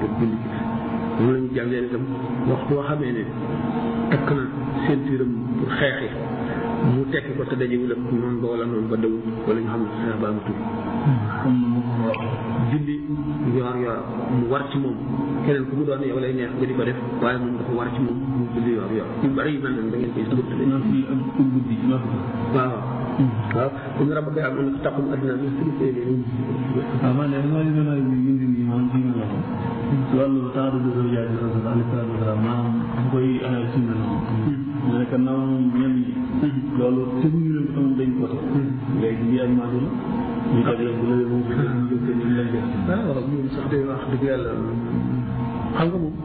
ak bind ci moom la ñu jàngee itam waxtu boo ne takk na ceinturam pour xeexi mu tekk ko te dajewul ak noonu ba wala noonu ba dawul wala ñu xam ne sax ba amatul julli yoor yoor mu war ci moom keneen ku mu doon yow lay neex nga di ko def waaye moom dafa war ci moom mu julli yoor yoor yu bari yu mel noonu da ngeen koy. waaw. waaw in rabbaka ya'lamu annaka taqumu adnaa min thuluthay al-layli. waaw man de maa ngi doon indi nii moom ji nga ko. loolu tax na dëgg yàlla dëgg yàlla alayhi salaatu wa salaam maanaam bu koy sunna la. mu nekk naam ñenn ñi. loolu tëbuñu leen ko dañ ko léegi bii ak maa la. ñu def leen bu la leen wóobee ñu jóg te ñu ngi leen def. ah waaw ñun sax day wax dëgg yàlla xam nga moom.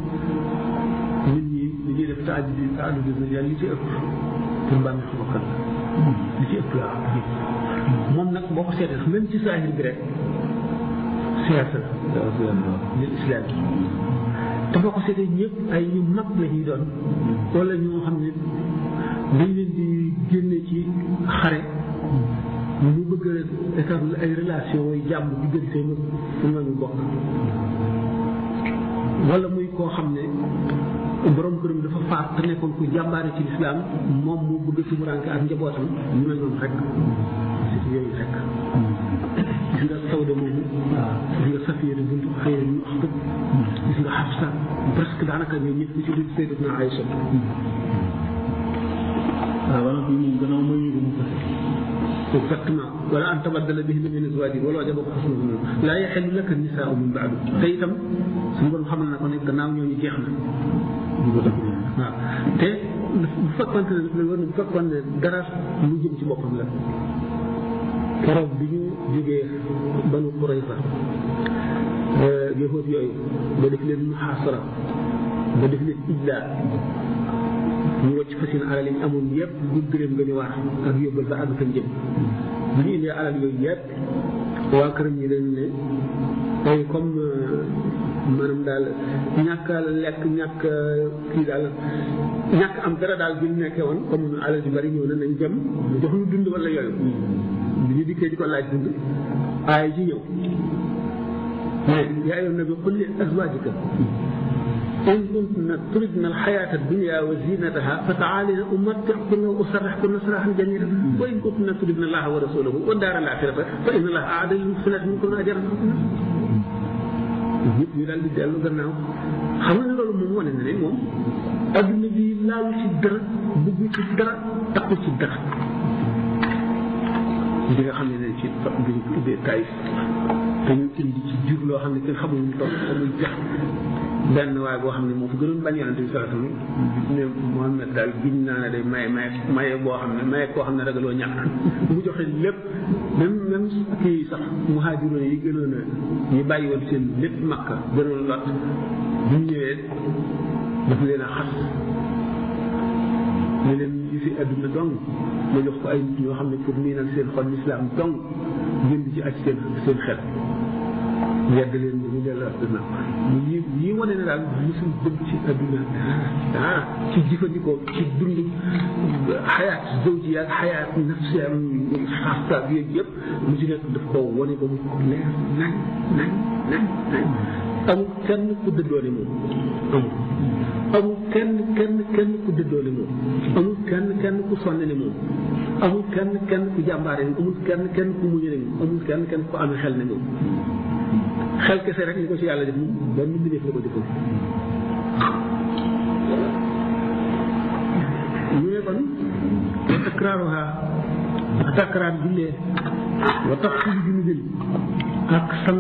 nit ñi li ñuy def taaju bi taaju bi yàlla li ci ëpp pour mbaa mi xam li ci ëpp waaw moom nag boo ko seetee même ci ay ñu mag la ñuy doon wala ñoo xam ne dañ di génne ci xare ñu bëgg a ay relation yu jàmm diggante muy koo xam ne borom këram dafa faat te nekkoon ku jàmbaare ci lislaam moom mu bëgg sumuranke ak njabootam mu ne ñoom rek surtout yooyu nga sawda moomu gis nga safiyatu bintu xëy ñu axtub nga xafsa presque daanaka ñoom ñëpp ci dul sayyidatuna Aïcha waaw ah, wala fi moom gannaaw mooy ñu ko mu wala an tabaddala bihinna min azwaajin laka nisaa'u min ba'du te itam suñu borom xamal na ko ne gannaaw ñooñu jeex na waaw te bu fekkoon ne bu fekkoon ne dara lu jëm ci boppam la keroog bi ñu jógee banu Qurayza euh, yahud yooyu ba def leen muhaasara ba def leen ijlaa ñu wàcc fa seen alal yi amoon yëpp ñu gërëm nga ñu waar ba àgg fan jëm bu ñu indee alal yooyu yëpp waa këram ñi dañ maanaam daal ñàkk a lekk ñàkk kii daal ñàkk am dara daal bi ñu nekkee woon comme alal ju bari ñëw na nañ jëm jox ñu dund wala yooyu bi ñu dikkee di ko laaj dund aay ji ñëw mais yaa ayyuhan nabi qul li azwaajika in kuntunna turidna alxayaata dunya wa zinataha fa taalina umatti'kunna wa usarrihkunna sarahan jamila wa in kuntunna turidna allaha wa rasulahu wa daara al axirata fa inna allaha aada lil muxsinaati minkunna ajran ñëpp ñu daal di dellu gannaaw xam nga loolu na ne moom adduna ci dara bëggu ci dara ci dara bi xam ne ne ci bi ñu ubbee Taïf ci jur loo xam ne kenn xamul mu benn waaye boo xam ne moo fi gënoon bañ yonente bi sallallahu daal giñ naa ne day maye maye maye boo xam ne maye koo xam ne ragaloo ñàkk mu joxe lépp même même kii sax muhaajiroon yi gënoon a ñu bàyyi woon seen lépp makka gënoon lot bu ñu ñëwee daf leen a xas ne leen ñu fi àdduna dong ma jox ko ay nit ñoo xam ne pour nii nag seen xol lislaam dong ngeen di ci aj seen xel yedd leen ñu delloo àdduna wane ne daal mosul dëgg ci adduna ah ci jëfandikoo ci dund xayaat zawji ak xayaat nafsi am xastaab yooyu yëpp mu ci nekk daf koo wane mu leer amul kenn ku dëddoole moom kenn kenn ku dëddoole moom amul kenn kenn ku sonn ne moom amul kenn kenn ku jàmbaare ne amul amul kenn kenn ku amee xel ne moom xel kese rek ñu ko ci yàlla def benn mbindeef la ko ne kon wa takraaruha wa takraar jullee wa tax ne dafa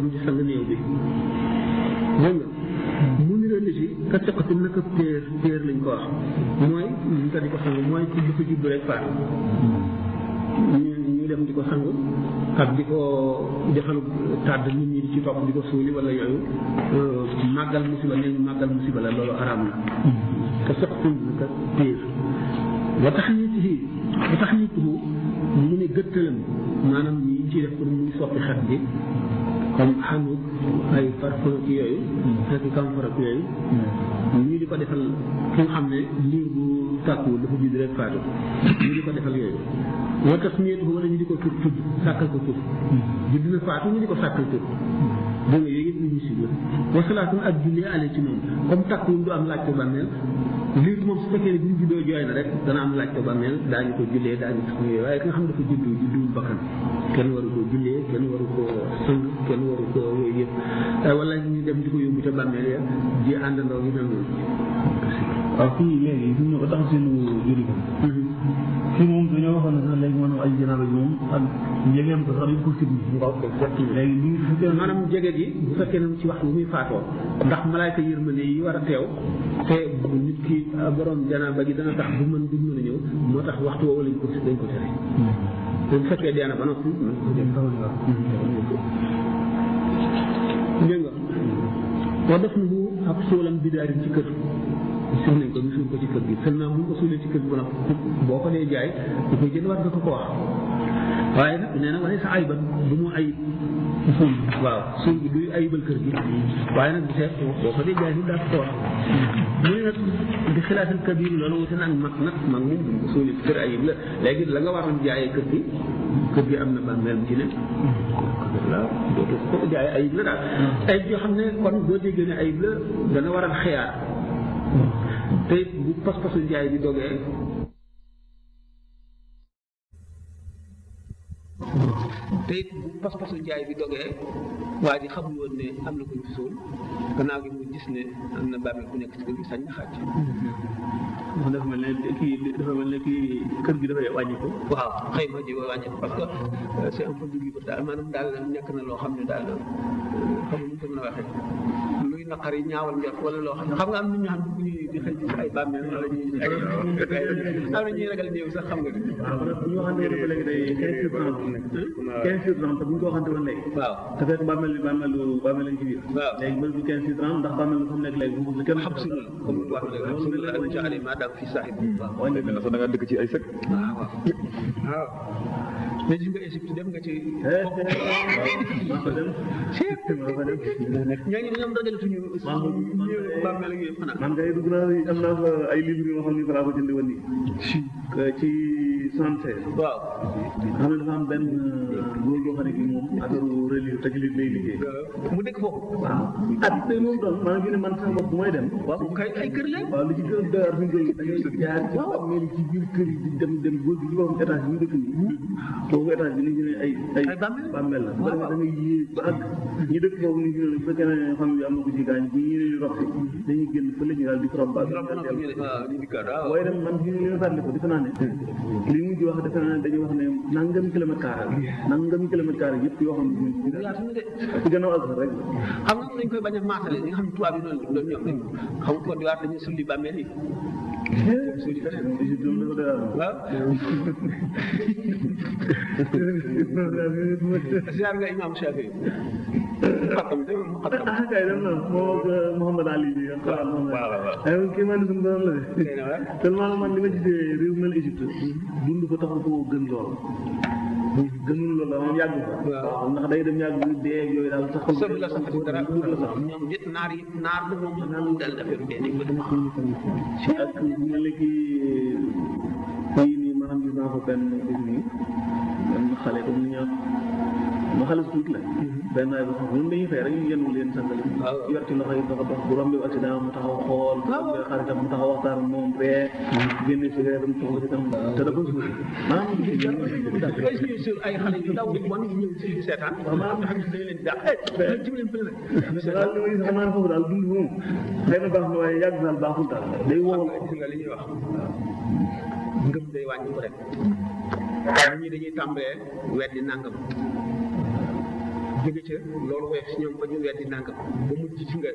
di sang néew bi dégg nga mu ngi doon ci ka teqatu naka péer ko wax mooy ñu ko di mooy ci rek faatu ñu dem di ko sang ak di ko defal tàdd nit ñi di ci topp di ko suuli wala yooyu euh, màggal musiba nee màggal musiba la loolu araam la te soxna ka téer ba tax nit yi ba tax nit mu mu ne gëttalam maanaam ñi ciy def pour muy bi comme xamut ay parfum ak yooyu ak camfor ak di ko defal ki xam ne liir bu tàkkuwul dafa judd rek faatu ñu di ko defal yooyu wa tasmiyatuhu wala ñu di ko tur tudd sàkkal ko tur judd na faatu ñu di ko sàkkal tur dégg nga yooyu yëpp ñu si biir wasalaatun ak julli ale ci moom comme takk du am laaj ko bàmmeel lii moom su fekkee ne bi mu juddoo jooy na rek dana am laaj ko bàmmeel daañu ko jullee daañu ko yooyu waaye ki nga xam dafa juddu judduwul bakkan kenn waru ko jullee kenn waru ko sëng kenn waru ko yooyu eh, ñu dem di ko yóbbu ca bàmmeel ya ji àndandoo gi mel noonu waaw fii ko mm-hmm. ci moom dañoo waxoon ne sax léegi maanaam ay janaaba ji moom ak jegeem ko sax dañ ko sib léegi ñu ngi maanaam jege gi bu fekkee ne ci waxtu bu muy faatoo ndax malaayka yërmande yi war a teew te nit ki ah, borom janaaba gi dana tax bu mën du mën a ñëw moo tax waxtu woowu lañ ko dañ ko tere bu fekkee dee na ba noppi dégg nga wa def na bu ak soolam bidaari ci kër suul nañ ko ñu suul ko ci kër gi seulement bu ñu ko suulee ci kër gi ba boo ko dee jaay da koy jënd waat nga ko ko wax waaye nag nee na wala sa ayibal du mu ayib suul waaw suul bi duy ayibal kër gi waaye nag bu seet boo ko dee jaay ñu daal ko wax mu ne nag di xilaafal kabir loolu wute nag mag nag mag moom bu ko suulee ci kër ayib la léegi la nga waroon jaayee kër gi kër gi am na bàmmeel bu ci ne waaw dootu ko jaayee ayib la daal ayib yoo xam ne kon boo déggee ne ayib la dana waral xiyaar te it bu pas-pasu jaay bi dogee te it bu pas-pasu njaay bi dogee waa ji xamul woon ne am na ko ñu suul gannaaw gi gis ne am na bàmmeel bu nekk ci kër gi na xàcc. kii dafa mel ne kii kër gi dafay wàññi ko. waaw xëy ma ji wàññi ko parce que euh, c' est un peu du daal maanaam daal nekk na loo xam ne daal euh, xam nga nu ko mën a waxee luy naqari ñaawal njort wala loo xam ne xam nga am na ñoo xam ne bu ñuy di xëy sax xam nga. waaw fi nekk. 15 sur 30 bu ñu ko waxante woon léegi. waaw te fekk bàmmeel bi bàmmeelu bàmmeel lañ ci biir. waaw léegi bëri du 15 sur 30 ndax bàmmeel bi fa mu nekk léegi bu kenn. xam si comme wax dëgg fi sax. waaw da nga dëkk ci ay sëkk. waaw waaw. mais gis dem nga ci. waaw maa ko dem. maa ko man kay dugg naa am naa fa ay livres yoo xam ne balaa ko jënd ci santé. waaw. xam ne benn góor yoo xam ne moom affaire religieux tajlid lay liggéey. mu dëkk foofu. waaw at tey moom doon maanaam ñu ne man sama bopp bu may dem. waaw kay ay kër lañ. waaw li ci gën a doy waar fi mu toll nii da ngay jaar ci biir kër yi di dem dem góor gi ci boppam mu dëkk nii. boobu étage bi ñu ne ay ay bàmmeel la ba da ngay yéeg ba àgg ñu dëkk foofu ñu fi ne bu fekkee ne xam ne am na ko ci gaañ bu ñu ñu rox dañuy génn fële ñu daal di ko rob ba waaye dem man fi ñu leen fàttali ko defe naa di wax defe naa dañuy wax ne nangam kilomètre carré nangam kilomètre carré yëpp yoo xam ne yaatu na de ci gannaaw ak rek xam nga nañ koy bañ a maatale li nga xam ne tubaab yi noonu doon ñoom dañ xam nga Côte d'Ivoire dañuy sulli bàmmeel yi ziar nga imam Shafi xam nga mu xam ah kay dem na moo euh, Mouhamad Ali bi waaw waaw eh, kii man suñu borom la de tellement man li ma gisee réew mel Égypte mm-hmm. dund bind ko taxul koo gën lool. gënul lool moom yàgg ko. ndax day dem yàgg bu dee yooyu daal taxul. sori la sax dara ñoom nit naar yi naar bi moom moom daal dafay benn bët. si ak mel ni kii fii nii maanaam gis naa ko benn benn xale comme ni ñu mu xale bu tuuti la. benn nawet boo xam ne ñun dañuy fay rek ñu yëngu leen sangal. waaw yor ci loxo yi dox dox bu rombee accident mu taxaw xool. waaw bu xaritam mu taxaw waxtaan ak moom ree. génne si reeram toog ci tam. te dafa suuf maanaam ñu ngi ay xale yu ndaw wan ñu ci seetaan. waaw maanaam ñu xam ne dañu leen di dàq. mais ci leen fële la. li may xam naa foofu daal dund moom xëy na baax na waaye yàgg daal baaxul daal day wowal gis nga li ñuy wax ngëm day wàññi ko rek. nit ñi dañuy tàmbalee weddi nangam jóge ca loolu woyof si ñoom ba ñu weddi nangam ba mujj ci nga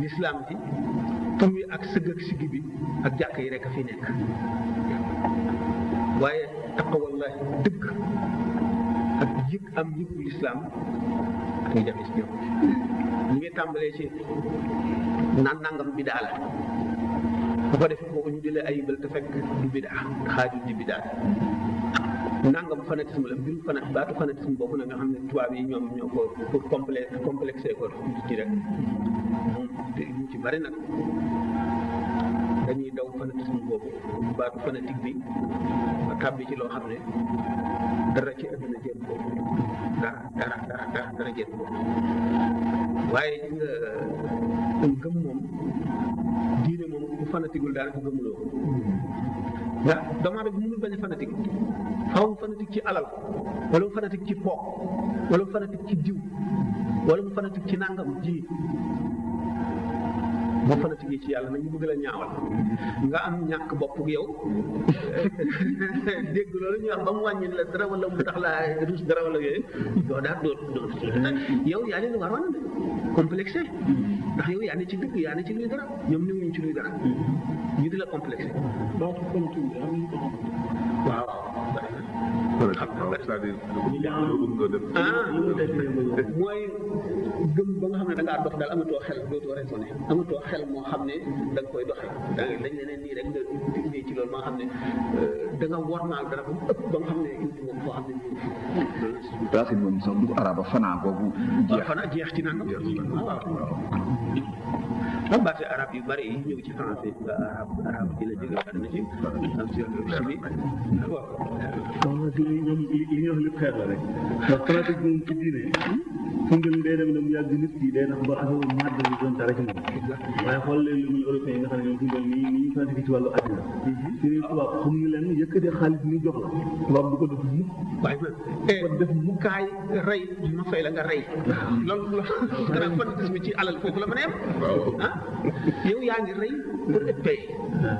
lislaam bi tur wi ak sëgg ak siggi bi ak jàkk yi rek a fi nekk waaye taqawallahi dëgg ak yëg am yëgu lislaam ak ñu jafe ci ñoom ñu ngi tàmbalee ci naan nangam bi daal bu ko defee kooku ñu di la ayibal te fekk du bidaa xaaju di bidaa mu fanatisme la biir fanat baatu fanatisme boobu nag nga xam ne tubaab yi ñoom ñoo ko pour complexe complexe ko nit rek te ñu ci bari nag dañuy daw fanatisme boobu baatu fanatique bi tàbbi ci loo xam ne dara ci àdduna jéem ko dara waaye nga gëm moom diine moom ku fanatigul daanaka gëmuloo ndax doomu aadama mënul bañ ba fanatique xaw mu fanatique ci alal wala mu fanatique ci pook wala mu fanatique ci jiw wala mu fanatique ci nangam ji boo fanatique yi ci yàlla nag ñu bëgg la ñaawal nga am ñàkk bopp yow dégg loolu ñu wax ba mu wàññi la dara wala mu tax laa ruus dara wala yooyu doo daal doo doo yow yaa leen waroon complexé ndax yow yaa ci dëgg yaa ci luy dara ñoom newuñu ci luy dara ñu di la complexé donc comme tout waaw mën a xam c'est-à-dire mooy gëm ba nga xam ne da ngaa dox daal amatoo xel dootoo raisonné amatoo xel moo xam ne da nga koy doxee da nga dañ leneen nii rek nga indi ci loolu ba nga xam ne euh, da nga wormaal dara ba mu ëpp ba nga xam ne indi moom foo xam a nii. racine moom sax du araba a boobu. jeex fanaa jeex ci naan. xam nga arab yu bari yi ñëw ci français bi arab arab ci am si chimie waaw. waaw li ñoom li ñuy wax lépp xeex la rek ndax pratique moom ci diine fu ngeen day dem dem yàgg doon dara ci xool leen li muy européen yi nga xam ne ñoom fu ngeen nii nii ñu scientifique ci wàllu àddina suñuy mhm. tubaab xam ñu leen yëkkatee xaalis ñu jox la tubaab du ko def mukk waaye kon def mukkaay ma fay la nga rey loolu loolu gën a fanatisme ci alal foofu la mën a yow yaa ngi rëy pour ëppee ah.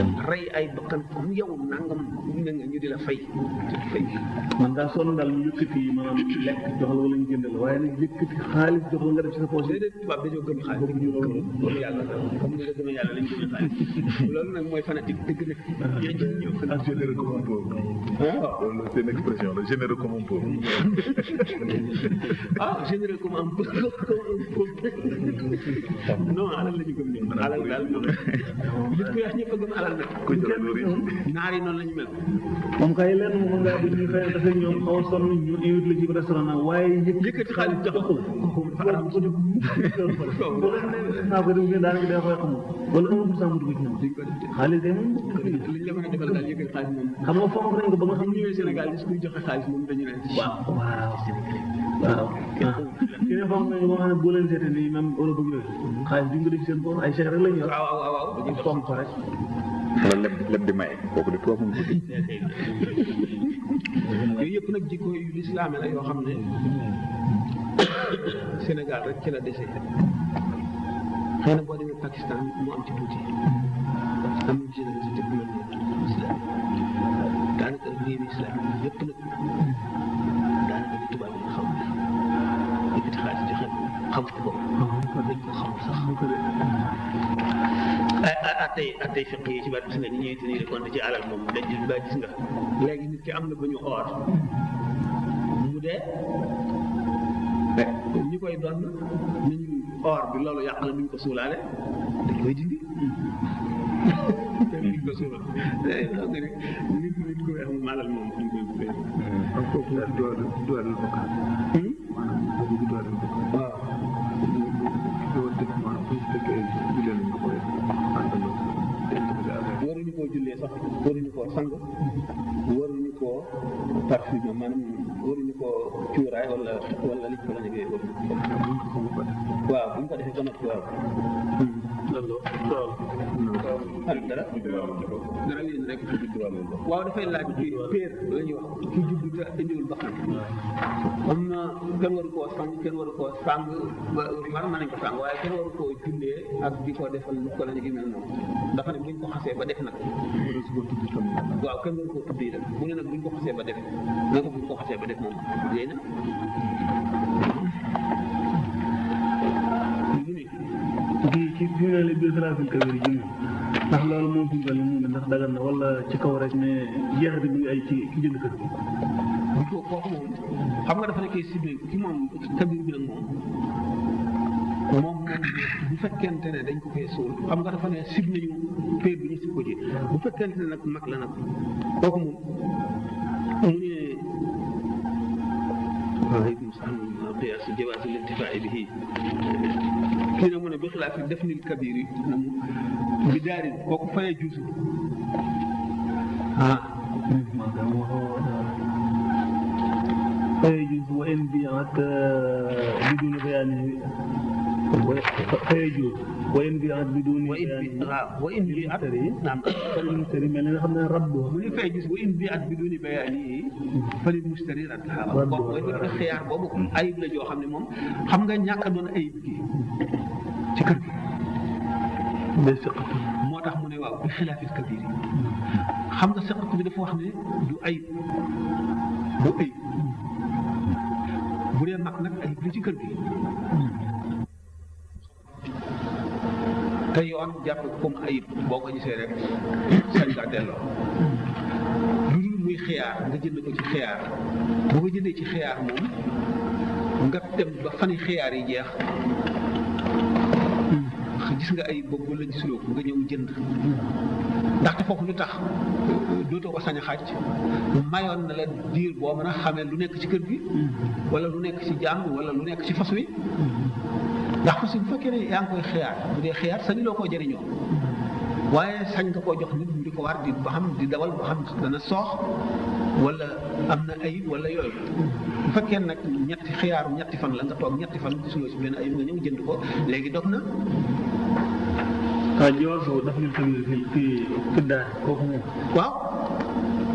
rey ay bakkan ku yow nangam na nga ñu di la fay fay man daa sonn daal mu yëkkati maanaam lekk jox la wala ñu jëndal waaye nag yëkkati xaalis jox la nga def ci sa poche déedéet tubaab dañoo gëm xaalis dañoo gëm yàlla comme ni nga gëmee yàlla lañ gëmee xaalis loolu nag mooy fanatique dëgg nag yéen jël ñëw ah généreux comme un pauvre ah. Ah. loolu c'est une expression la généreux comme un pauvre ah généreux comme un pauvre non alal la ñu gëm ñoom alal daal nit ku yax ñëpp a gëm alal mel de. ku ci naar yi noonu la ñu mel. moom kay lenn moom ngaa di ñu xëy dafa ñoom xaw a sonn ñu invite la ci restaurant nag waaye. yëkkati xaalis jox ko ko xaaral ko def. bu leen nee naa ko def ngeen daanaka day koy xamul. wala un pour cent mu dugg ci ñoom. xaalis de moom. liñ la mën a defal daal yëkkati xaalis moom. xam nga fonk nañ ko ba nga xam ne ñëwee Sénégal yi suñu joxe xaalis moom dañu ne. waaw waaw waaw. ki ne fonk nañ ko xam ne boo leen seetee nii même Europe ak yooyu. Mm-hmm. xaalis bi nga def seen bopp ay chèque rek la ñu yor. waaw waaw waaw fonk rek. wala leb leb di maye kooku de toog moom guddi yooyu yëpp nag jikko yu lislaame la yoo xam ne Sénégal rek ci la dese xëy na boo demee Pakistan mu am ci tuuti am na générosité bu mel noonu islam daanaka réewi nag daanaka di tubaab yi xam yëkkati xaalis joxe xam ko ko dañ ko xamul sax atay atay fiq yi ci baat gis nga ni ñuy tenir compte ci alal moom dañ gis gis nga léegi nit ki am na bu ñu xoor mu dee ñi koy doon nañu or bi loolu yàq na ko suulaale dañ koy ji hmm. dañ ko suulaale xam nga ne nit nit ku weex moom sax waruñu koo sang waruñu koo tar suuf moom maanaam waruñu ko cuuraay wala wala liñ ko la ñu koy waaw buñ ko defee ba noppi waaw. allo dara dara rek waaw dafay laaj ci péer la ñuy wax ci jublu te indiwul ba xam am na kenn waru koo sang kenn waru koo sang ba man ko sang waaye kenn waru koo jundee ak di ko defal lu ko la ñu mel noonu dafa ne buñ ko xasee ba def nag waaw kenn waru koo tuddee nag mu ne nag buñ ko xasee ba def ñoo ko buñ ko xasee ba def moom léegi nag kii ci kii la biir salaatul kabir ji ndax loolu moom fi mu mu ndax dagan na wala ci kaw rek ne jeexit bi ay ci ki jënd kër bi ko kooku moom xam nga dafa nekkee si biir ki moom kabir bi nag moom moom bu fekkente ne dañ ko koy suul xam nga dafa ne sib nañu péer bi ñu si ko ji bu fekkente ne nag mag la nag kooku moom mu ne aleykum salaam qiyaas jawaas lintifaa bihi kii nag mu ne bi xilaafi def nil kabir yi bi daarin kooku fayee juusu ah fayee juusu wa in bi at biduni bayaani xëy ju wa in bi at bi doon wa in bi waaw wa in bi at naam falil mustari mel na xam ne rabbu mu ngi fay gis wa in bi at bi doon bayaan yi falil mustari rabbu boobu xiyaar boobu ayib la joo xam ne moom xam nga ñàkk doon ayib gi ci kër gi moo tax mu ne waaw bi xilaafil kabir xam nga sëqat bi dafa wax ne du ayib du ayib bu dee mag nag ayib la ci kër gi te yoon jàpp comme ayib boo ko gisee rek sañ kaa delloo lu dul muy xiyaar nga jënd ko ci xiyaar bu ko jëndee ci xiyaar moom nga dem ba fani xiyaar yi jeex hmm. gis nga ay bëgg la gisuloo ko nga ñëw jënd ndaxte foofu lu tax dootoo ko sañ a xàcc mayoon na la diir boo mën a xamee lu nekk ci kër gi hmm. wala lu nekk ci jàng wala lu nekk ci fas wi hmm. ndax ku si bu fekkee ne yaa ngi koy xiyaar bu dee xiyaar sañu koo jëriñoo waaye sañ nga koo jox nit mu di ko war di ba xam di dawal ba xam dana soox wala am na ayib wala yooyu bu fekkee nag ñetti xiyaaru ñetti fan la nga toog ñetti fan gisuloo si benn ayib nga ñëw jënd ko léegi dog na waaw jooju daf ñu tënk fii fii tëddaay moom waaw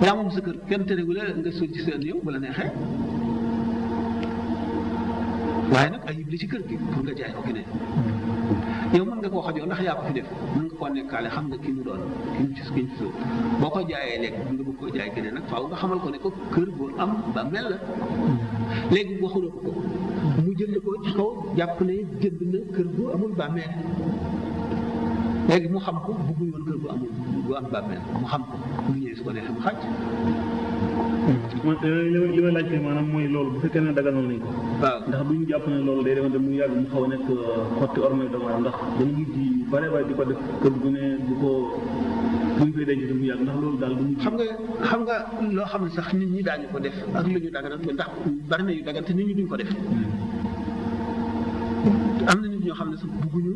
yaa moom sa kër kenn terewul nga soo ci seen yow bu la neexee waaye nag ayib li ci kër gi pour nga jaay ko keneen yow mën nga koo xajoo ndax yàpp ko fi def mën nga koo nekkaale xam nga ki mu ki mu ci ki boo ko jaayee léegi nga bëgg koo jaay keneen nag faaw nga xamal ko ne ko kër boo am ba mel la léegi waxuloo ko ko mu jënd ko ci kaw kër bu amul bàmmeel léegi mu xam ko bëggu yoon kër bu amul bu am bàmmeel mu xam ko mu ñëwee su ko neexee mu xaj li may laajte maanaam mooy loolu bu fekkee ne daganal nañ ko. waaw ndax duñ jàpp ne loolu day demante mu yàgg mu xaw a nekk euh, xotti ormay doomu aadama ndax dañu ngi ji bare di ko def kër gu ne di ko buñ koy denc mu loolu daal duñ. xam nga xam nga loo xam ne sax nit ñi ñu ko def ak lu ñu daganal ndax bari na yu dagan te nit ñi duñ ko def. Hmm. am na nit ñoo xam ne sax bugguñu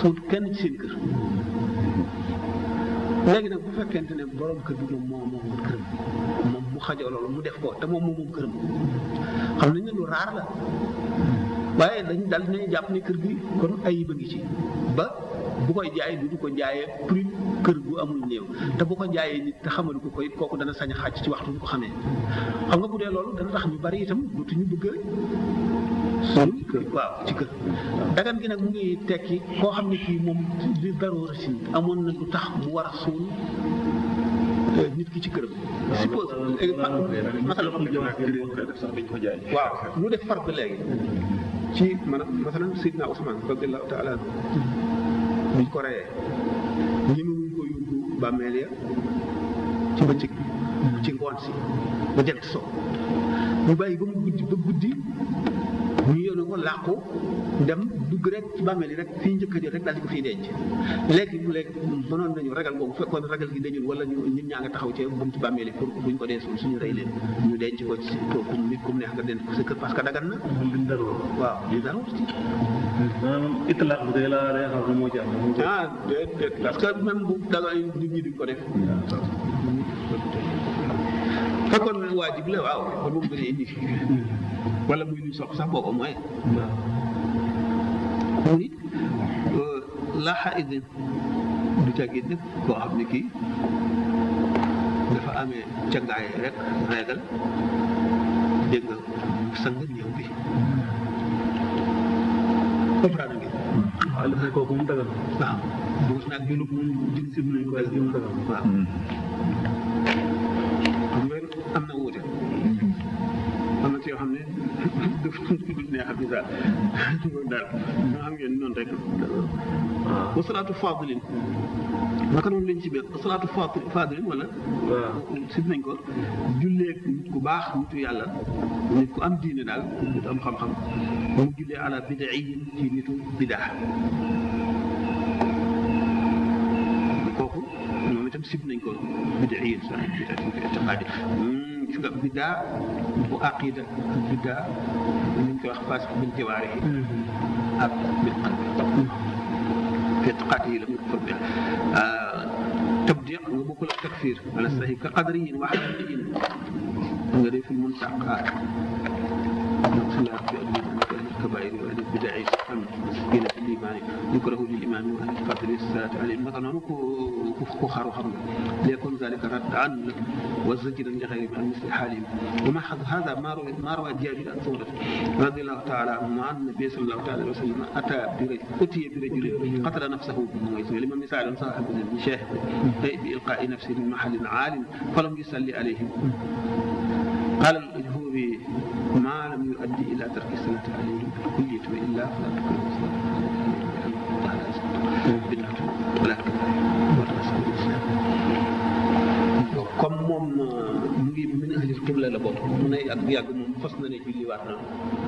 suut kenn ci seen kër. léegi nag bu fekkente ne boroom kër bi ñoom moo moomoon këram moom mu xajoo loolu mu def ko te moom moom moom këram xam nañ ne lu raar la waaye dañ dal nañu jàpp ne kër gi kon ayib a ngi ci ba bu koy jaay du ko jaayee prix kër gu amul néew te bu ko jaayee nit te xamal ko koy kooku dana sañ a xàcc ci waxtu bu ko xamee xam nga bu dee loolu dana tax ñu bari itam dootuñu bëgg waaw ci kër dagan gi nag mu ngi tekki koo xam ne kii moom di li darurati amoon na lu tax mu war a suul euh, nit ki ci këram. suppose euh, masalan waaw lu def fard léegi ci ko reyee ñi mu ko yóbbu bàmmeel ci ma ci ngoon si ba jant so ñu bàyyi ba mu guddi ba guddi ñu yónni ko làqu dem dugg rek ci bàmmeel yi rek fii njëkk a rek daal di ko fiy denc léegi mu léegi mënoon nañu ragal boobu fekkoon ragal gi dañul wala ñu ñun ñaa ngi taxaw ci buntu bàmmeel yi pour buñ ko denc suñu rey leen ñu denc ko ci pour nit ku neex parce que dagan na liñ daroo waaw liñ daroo ci maanaam itlaq moo ci am ah parce que même bu dagan nit ñi duñ ko def fekkoon na waajib la waaw a wala muy luñ sopp sax boo ko mooy mu ni laa xaid du càggit nag koo xam ne kii dafa amee càngaay rek régal dégg nga sang ñëw bi comprendre ngeen waaw li koy mu dagal waaw dugus naag jëlu mu nañ ko neex ak misaal loolu daal nga xam ngeen noonu rek wa salaatu faadilin naka noonu lañ ci biir salaatu faadilin wala sib nañ ko jullee nit ku baax nitu yàlla nit ku am diine daal nit am xam-xam mu jullee ala bidaiyin ci nitu bidaa kooku moom itam sib nañ ko bidaiyin sa bidaiyin ko gis nga biddaa bu aqida ak biddaa ñu koy wax fas bil jawaari mm-hmm. ak bil qalbi topp fiqaat yi ah, la mu fëgg tabdiq nga bokkul ak takfir ala sahi ka qadriyin wa xadriyin nga def fi mun saqaat kabaa'iri wa anil bidaa'i al-muhdathati fil iimaani yukrahu lil imaami wa anil fadli salaatu alayhim naka noonu ku ku xaru xam nga léekoon zalika rad'an wa zajran li ghayrihim an misli haalihim wa mahad haadha maa rawaa Jaabir an Sawda radiyallaahu ta'aalaa anhu an nabi sallallaahu ta'aalaa alayhi wa sallam ataa bi rajulin utiya bi rajulin qatala nafsahu liman misaalun saahibun shaahidun bi ilqaa'i nafsihi min mahallin 'aalin falam yusalli alayhi البر ما لم يؤدي إلى ترك السنة الكلية وإلا فلا تكون ولا comme moom euh, mu ngi min ahlil qibla la bokk mu ne yàgg yàgg moom fas na ne julli waat na